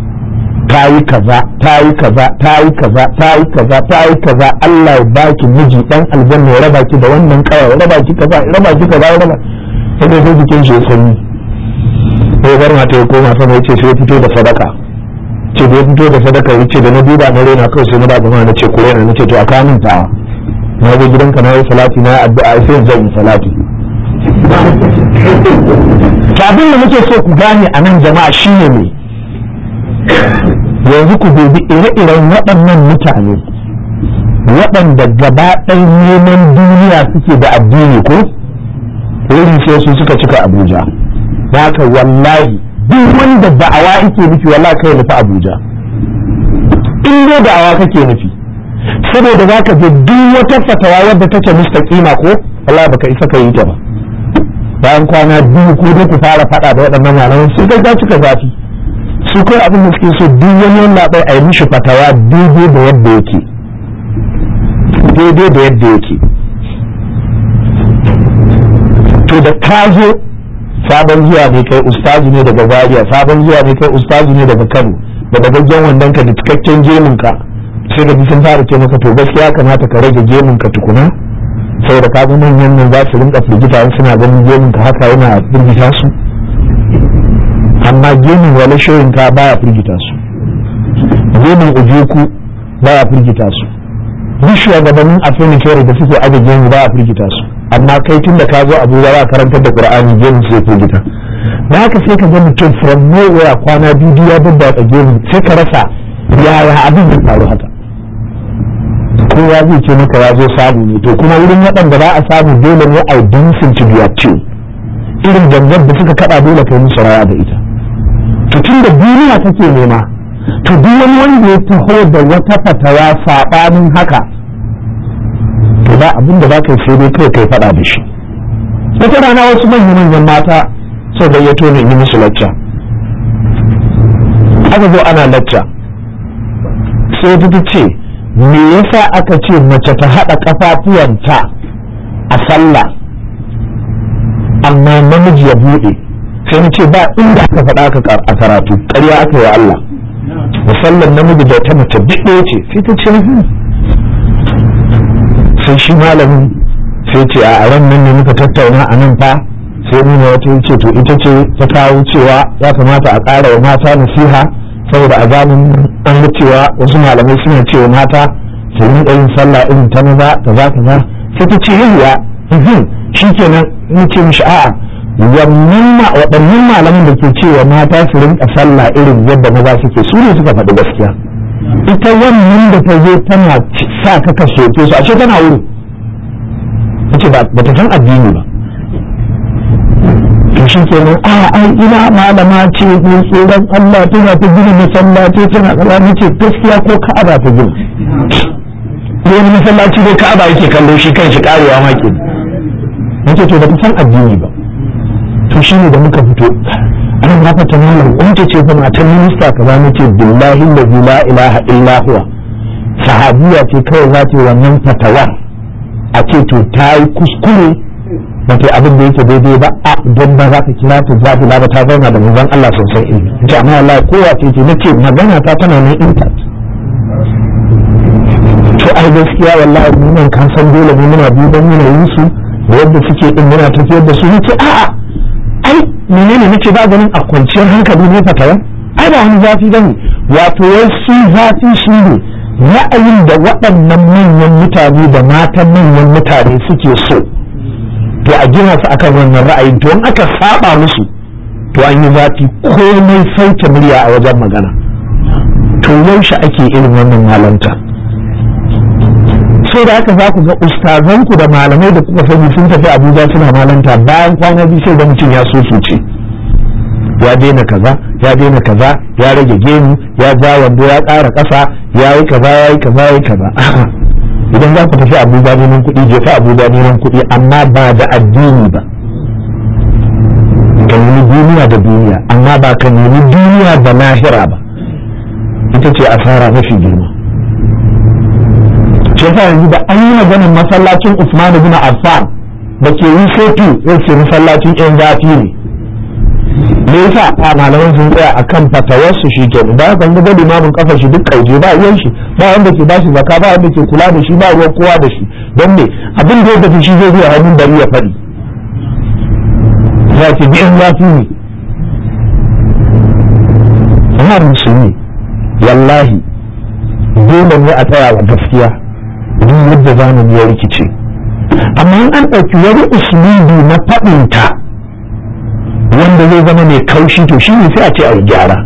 ta yi kaza ta yi kaza ta yi kaza ta yi kaza tayi kaza Allah ya baki miji dan aljanna ya raba ki da wannan kawai ya raba ki kaza ya raba ki kaza ya raba sai dai sai jikin shi sanyi sai ko garma ta koma sama yace sai fito da sadaka ce da ya fito da sadaka yace da na duba na rena kawai sai na ba gama na ce ko rena na ce to a ka ta na zo gidanka na yi salati na yi addu'a sai zan yi salati abin da muke so ku gane a nan jama'a shine ne yanzu ku dubi ire-iren waɗannan mutane waɗanda gaba ɗan neman duniya suke da addini ko irin su suka cika abuja ba ka wallahi duk wanda da'awa yake nufi wallahi kai nufi abuja in dai da'awa kake nufi saboda za ka je duk wata fatawa wadda take mustaqima ko wallahi baka isa ka yi ta ba bayan kwana biyu ko dai ku fara faɗa da waɗannan malaman sai dai cika zafi su kai abin da suke so duk wani yana bai a yi mishi fatawa daidai da yadda yake daidai da yadda yake to da ka zo sabon zuwa ne kai ustazu ne daga Zaria sabon zuwa ne kai ustazu ne daga Kano da dagaggen wandon ka da cikakken gemun ka sai da sun fara ce maka to gaskiya kamata ka rage gemun ka tukuna saboda ka ga manyan nan za su rinka firgita suna ganin gemun ka haka yana firgita su amma gemin wale shirin ta baya firgita su gemin ujoku baya firgita su duk shugabannin afirka da suke aje gemu baya firgita su amma kai tun da ka zo abuja a karantar da qur'ani gemin sai firgita Na haka sai ka ga mutum from nowhere kwana biyu ya babba a gemin sai ka rasa yaya abin faru haka kowa zai ce maka ya zo samu ne to kuma wurin waɗanda za a samu dole ne a dinsin cibiya irin gangan da suka kaɗa dole kai musu raya da ita to tun da duniya take nema to duk wani wanda ya taho da wata fatawa saɓanin haka to ba abin da za ka yi sai kai faɗa da shi wata rana wasu manyan manyan mata sai da ya tone ni musu lacca aka zo ana lacca sai ta ce me yasa aka ce mace ta haɗa ƙafafuwanta a sallah amma namiji ya buɗe sai mu ce ba inda aka faɗa ka a karatu ƙarya aka yi Allah musallan namiji da ta mace duk ce sai ta ce hmm. sai shi malamin sai ce a ran nan ne muka tattauna a nan fa sai nuna wata ce to ita ce ta kawo cewa ya kamata a ƙara wa mata nasiha saboda a zamanin an ga cewa wasu malamai suna cewa mata ta yi ɗayin sallah irin ta maza kaza kaza sai ta ce yawa hmm, shi kenan ni ce mishi a'a waɗannan malamin da ke cewa mata su rinka sallah irin yadda maza suke su ne suka faɗi gaskiya ita wannan da ta zo tana sa ka ka soke su ashe tana wuri ce ba ta san addini ba to shi ke nan a ai ina malama ce ko tsoron Allah tana ta gina masallaci tana kaza ni ce gaskiya ko ka'aba ta gina ko wani masallaci ko ka'aba yake kallo shi kan shi karewa ma ke nace to ba ta san addini ba to shi ne da muka fito ana rafa ta malam kunce ce kuma ta minista ka ba ce billahi la ilaha illa huwa sahabiya ce kawai za ta wannan fatawar a ce to ta yi kuskure ba ta abin da yake daidai ba a don ba za ka kira ta ta ba ta zauna da manzon Allah sosai ilmi ta amma Allah kowa ce ce magana ta tana nan impact to ai gaskiya wallahi mun kan san dole mu muna duban yanayin su da yadda suke din muna tafiyar da su ce a'a ai menene nake ba ganin a kwanciyar hankali ne fatawa ai ba wani zafi bane wato wai su zafi shi ne ra'ayin da waɗannan manyan mutane da matan manyan mutane suke so to a gina su akan wannan ra'ayin to in aka saba musu to an yi zafi komai sauke murya a wajen magana to yaushe ake irin wannan malanta so da aka za ku ga ku da malamai da kuka sani sun tafi abuja suna malanta bayan kwana biyu sai da mutum ya so su ce ya daina kaza ya daina kaza ya rage gemu ya ja wando ya ƙara ƙasa ya yi kaza ya yi kaza ya yi kaza idan za ku tafi abuja neman kuɗi je fa abuja neman kuɗi amma ba da addini ba ka nemi duniya da duniya amma ba ka nemi duniya da lahira ba ita ce asara mafi girma shi yasa yanzu da an yi maganin masallacin Usman ibn Affan da ke yi shotu zai ce masallacin yan zafi ne me yasa a malaman sun tsaya akan fatawar su shi kenan da ban ga limamin kafar shi duk kauje ba ruwan shi ba wanda ke bashi zaka ba wanda ke kula da shi ba ruwan kowa da shi don me abin da ya shi zai zuwa hannun bari ya fadi ya ce biyan zafi ne amma musulmi wallahi dole ne a tsaya wa gaskiya ni yadda za mu ya rikice amma in an ɗauki wani usulubi na faɗinta wanda zai zama mai kaushi to shi ne sai a ce a yi gyara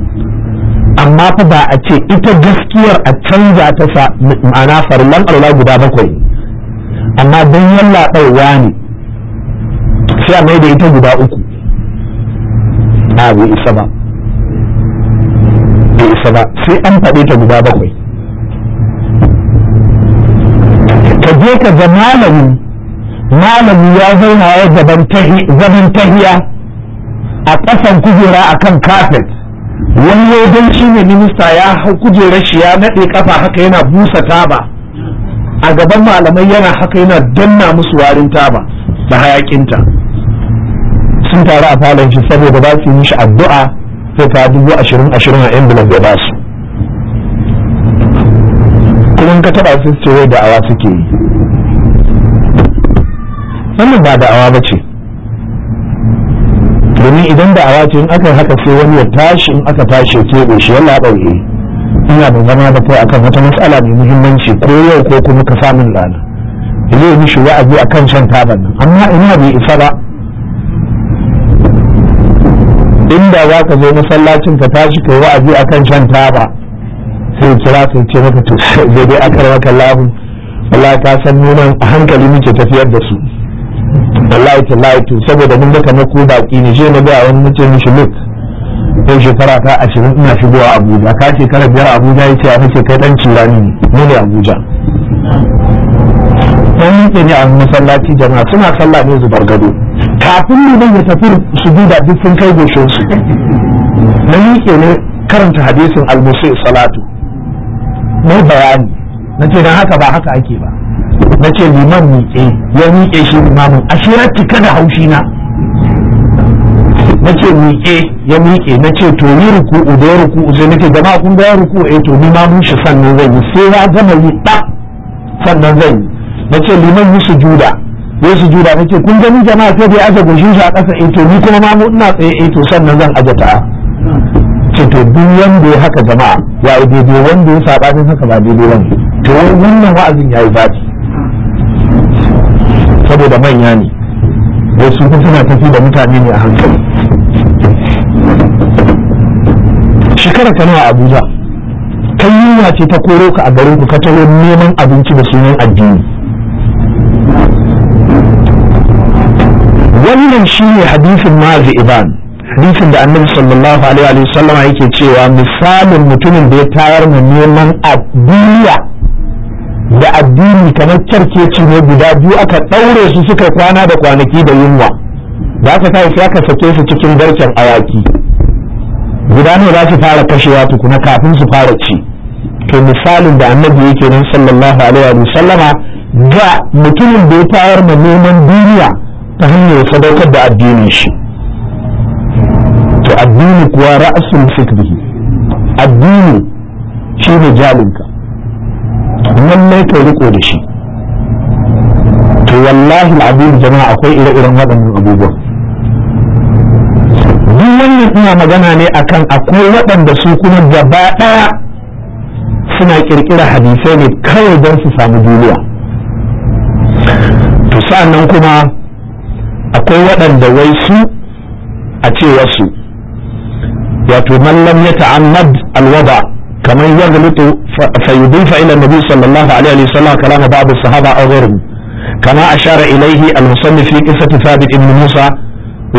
amma fa ba a ce ita gaskiyar a canza ta sa ma'ana farlan alwala guda bakwai amma don yalla ɗauwa ne sai a mai da ita guda uku a bai isa ba bai isa ba sai an faɗe ta guda bakwai ka je ka ga malami malami ya zauna ya zaman tahiya a ƙasan kujera a kan kafet wani wajen shi ne minista ya hau kujerar shi ya naɗe kafa haka yana busa taba a gaban malamai yana haka yana danna musu warin taba da hayakinta sun taru a falon shi saboda ba su yi mishi addu'a sai ta dubu ashirin ashirin a ambulan da ba su ka taba su ce wai da'awa suke yi wannan ba da'awa ba ce domin idan da'awa ce in aka haka sai wani ya tashi in aka tashi keɓe shi yana ɗauke ina da zama da kai akan wata matsala mai muhimmanci ko yau ko kuma ka samun rana zai shi wa'azi akan shan taban nan amma ina bai isa ba inda za ka zo masallacin ka tashi kai wa'azi akan shan taba sai kira ka ce maka to sai dai aka rawa kallahu wallahi ka san mu nan a hankali muke tafiyar da su wallahi tallahi to saboda mun ga kamar ku baki ne je na ga wani mutum mishi look yau shekara ta ashirin ina shigowa abuja ka ce shekara biyar abuja ya ce a ce kai dan cirani ne ne abuja dan yake ne a masallaci jama'a suna sallah ne zubar gado kafin mu ya tafi su duba duk sun kai goshin su nan yake ne karanta hadisin al-musi salatu mai bayani na ce don haka ba haka ake ba na ce liman miƙe ya miƙe shi limamin ashirar cika da haushi na na ce miƙe ya miƙe na ce to ni ruku'u da ya ruku'u na nake jama'a kun ga ya ruku'u eh to ni ma mun shi sannan zan yi sai ya gama yi ɗa sannan zan yi na ce liman yi sujuda ya sujuda na ce kun gani jama'a ta da ya aje shi a ƙasa eh to ni kuma ma mu ina tsaye eh to sannan zan aje ta'a ce to duk wanda ya haka jama'a ya yi daidai wanda ya sabanin haka ba daidai ba to wannan wa'azin ya yi zaki saboda manya ne su kuma suna tafi da mutane ne a hankali shekara ta nawa abuja kai yunwa ce ta koro ka a garin ku ka taro neman abinci da sunan addini wannan shine hadisin mazi iban hadisin da annabi sallallahu alaihi wa sallama yake cewa misalin mutumin da ya tayar mu neman addiniya da addini kamar kyarkeci ne guda biyu aka ɗaure su suka kwana da kwanaki da yunwa da aka kai sai aka sake su cikin garken ayaki guda ne za su fara kashewa tukuna kafin su fara ci to misalin da annabi yake nan sallallahu alaihi wa sallama ga mutumin da ya tayar mu neman duniya ta hanyar sadaukar da addinin shi to addini kuwa ra'asul fikrihi addini shi ne jalinka lallai ka riko da shi to wallahi al'adun jama'a akwai ire-iren waɗannan abubuwan duk wannan ina magana ne akan akwai waɗanda su kuma gaba ɗaya suna ƙirƙira hadisai ne kawai don su samu duniya to sa'an nan kuma akwai waɗanda wai su a ce wasu wato man lam yata'ammad alwada kamar yaghlitu fa yudifa ila nabi sallallahu alaihi wa sallam kalam ba'd as-sahaba aw ghayrihim kama ashara ilayhi al-musannif fi qissati thabit ibn musa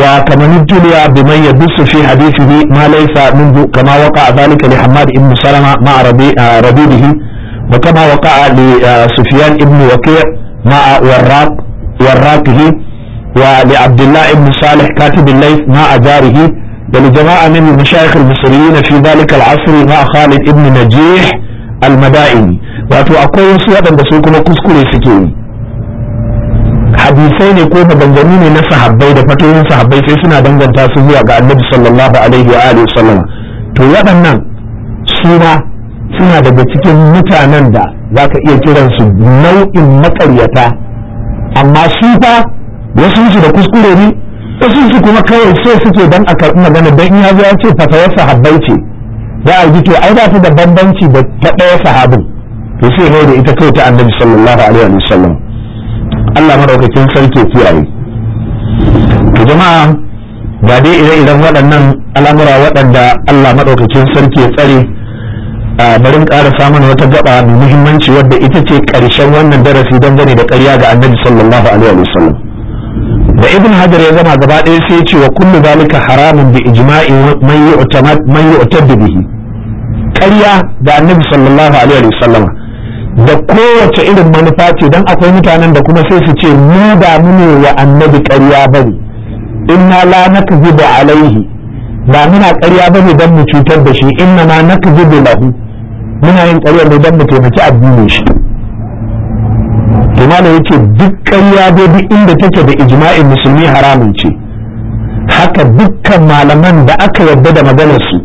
wa kaman tuliya biman yadussu fi hadithihi ma laysa minhu kama waqa'a dhalika li hammad ibn salama ma'a rabi rabihi wa kama waqa'a li sufyan ibn waqi' ma'a warraq warraqihi wa li abdullah ibn salih katib al-layth ma'a jarihi لجماعة من مشايخ المصريين في ذلك العصر مع خالد ابن نجيح المدائن wato akwai wasu waɗanda su kuma kuskure suke yi hadisai ne ko maganganu ne na sahabbai da fatoyin sahabbai sai suna danganta su zuwa ga annabi sallallahu alaihi wa alihi to waɗannan su ma suna daga cikin mutanen da za ka iya kiransu nau'in maƙaryata amma su fa wasu su da kuskure ne wasu su kuma kawai so suke dan a karɓi magana dan in ya zo ya ce fatawar sahabbai ce za a ji to ai ba ta da bambanci da ta ɗaya sahabin to sai rai da ita kawai ta annabi sallallahu alaihi wa sallam Allah madaukakin sarki kiyaye to jama'a ba dai ire-iren waɗannan al'amura waɗanda Allah madaukakin sarki ya tsare barin ƙara samun wata gaba mai muhimmanci wadda ita ce ƙarshen wannan darasi dangane da ƙarya ga annabi sallallahu alaihi wa sallam da ibn hajar ya zama gaba ɗaya sai ce wa kullu zalika haramun bi ijma'i man yu'tad bihi ƙarya da annabi sallallahu alaihi wa da kowace irin manufa ce dan akwai mutanen da kuma sai su ce mu ba mu ne wa annabi ƙarya bane inna la nakzibu alaihi ba muna ƙarya bane dan mu cutar da shi inna ma nakzibu lahu muna yin ƙarya ne dan mu taimaki addinin shi to malam yace duk ƙarya duk inda take da ijma'in musulmi haramun ce haka dukkan malaman da aka yarda da maganar su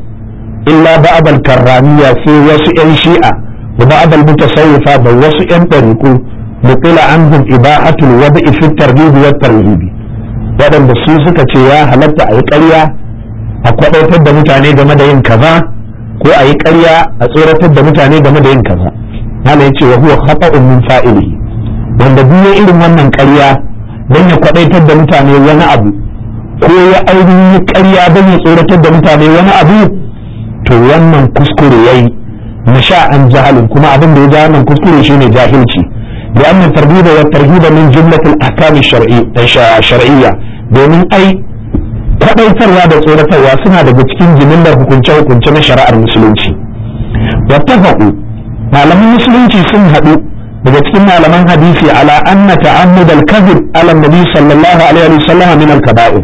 illa ba'abal karramiya sai wasu yan shi'a da ba'abal mutasawwifa da wasu yan ɗariƙu nukila anhum ibahatul wada'i fi tarhibi wa tarhibi waɗanda su suka ce ya halatta a yi ƙarya a kwaɗaitar da mutane game da yin kaza ko a yi ƙarya a tsoratar da mutane game da yin kaza malam yace wa huwa khata'un min fa'ilihi wanda duk irin wannan ƙarya don ya kwaɗaitar da mutane wani abu ko ya ainihin ƙarya don ya tsoratar da mutane wani abu to wannan kuskure ya yi na sha an jahalin kuma abin da ya ja wannan kuskure shine jahilci da annan wata wa da min jumlatil akami shar'iyya domin ai kwaɗaitarwa da tsoratarwa suna daga cikin jimillar hukunce-hukunce na shari'ar musulunci wata faɗo malaman musulunci sun haɗu daga cikin malaman hadisi ala anna ta'ammud al-kadhib ala nabi sallallahu alaihi wa min al-kaba'ir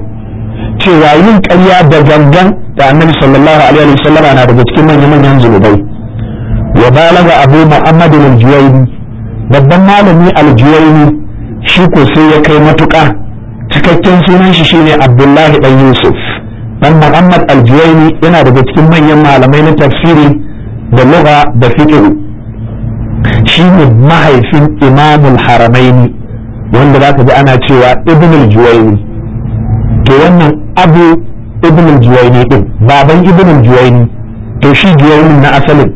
cewa yin ƙarya da gangan da annabi sallallahu alaihi wa na daga cikin manyan manyan zunubai wa balaga abu muhammad al-juwayni babban malami al-juwayni shi ko sai ya kai matuƙa cikakken sunan shi shine abdullahi dan yusuf dan muhammad al-juwayni yana daga cikin manyan malamai na tafsiri da lugha da fiqh shine mahaifin imamul haramaini wanda za ka ji ana cewa ibn al-juwayni to wannan abu ibn al-juwayni din baban ibn al-juwayni to shi juwayni na asalin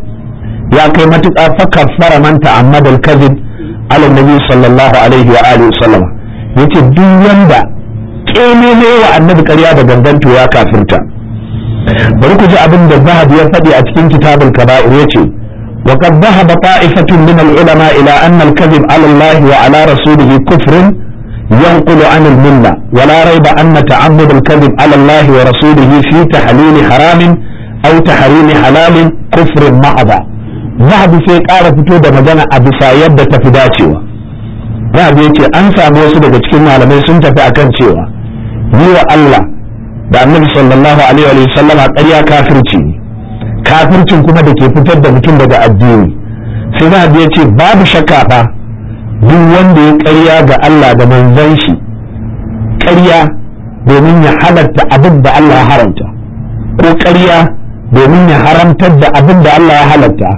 ya kai matuƙa fakar fara manta amma al-kadhib ala nabi sallallahu alaihi wa alihi sallama yace duk wanda kelele wa annabi ƙarya da ganganto ya kafirta bari ku ji abin da Zahab ya faɗi a cikin kitabul kaba'ir yace وقد ذهب طائفة من العلماء إلى أن الكذب على الله وعلى رسوله كفر ينقل عن الملة ولا ريب أن تعمد الكذب على الله ورسوله في تحليل حرام أو تحريم حلال كفر معظى ذهب في قارة تودة مجانا أبسا يبدا تفداتيوا ذهب يتي أنسى موسى daga cikin malamai sun tafi akan cewa yi wa Allah da annabi sallallahu alaihi wa sallam a ƙarya kafirci kafircin kuma da ke fitar da mutum daga addini sai zahabi ya ce babu shakka ba duk wanda ya karya ga Allah da manzon shi karya domin ya halatta abin da Allah ya haramta ko karya domin ya haramtar da abin da Allah ya halatta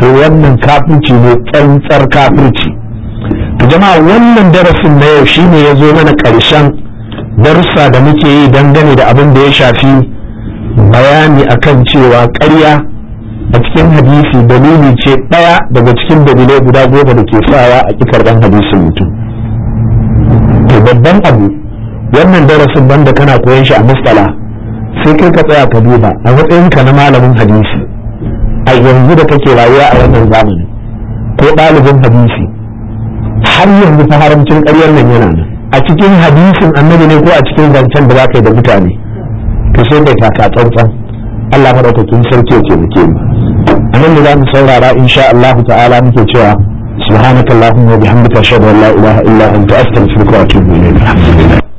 to wannan kafirci ne tsantsar kafirci to jama'a wannan darasin na yau shine ya zo mana ƙarshen darussa da muke yi dangane da abin da ya shafi bayani akan cewa ƙarya a cikin hadisi dalili ce ɗaya daga cikin dalilai guda goma da ke sawa a ɗan hadisin mutum to babban abu wannan darasin banda kana koyon shi a mustala sai kai ka tsaya ka duba a matsayinka na malamin hadisi a yanzu da kake rayuwa a wannan zamani ko ɗalibin hadisi har yanzu fa haramcin ƙaryar nan yana nan a cikin hadisin annabi ne ko a cikin zancen da za ka yi da mutane to sai kai taka tsantsan Allah madaukakin sarki ke muke mu anan da za mu saurara insha Allah ta'ala muke cewa subhanakallahumma wa bihamdika ashhadu an la ilaha illa anta astaghfiruka wa atubu ilayk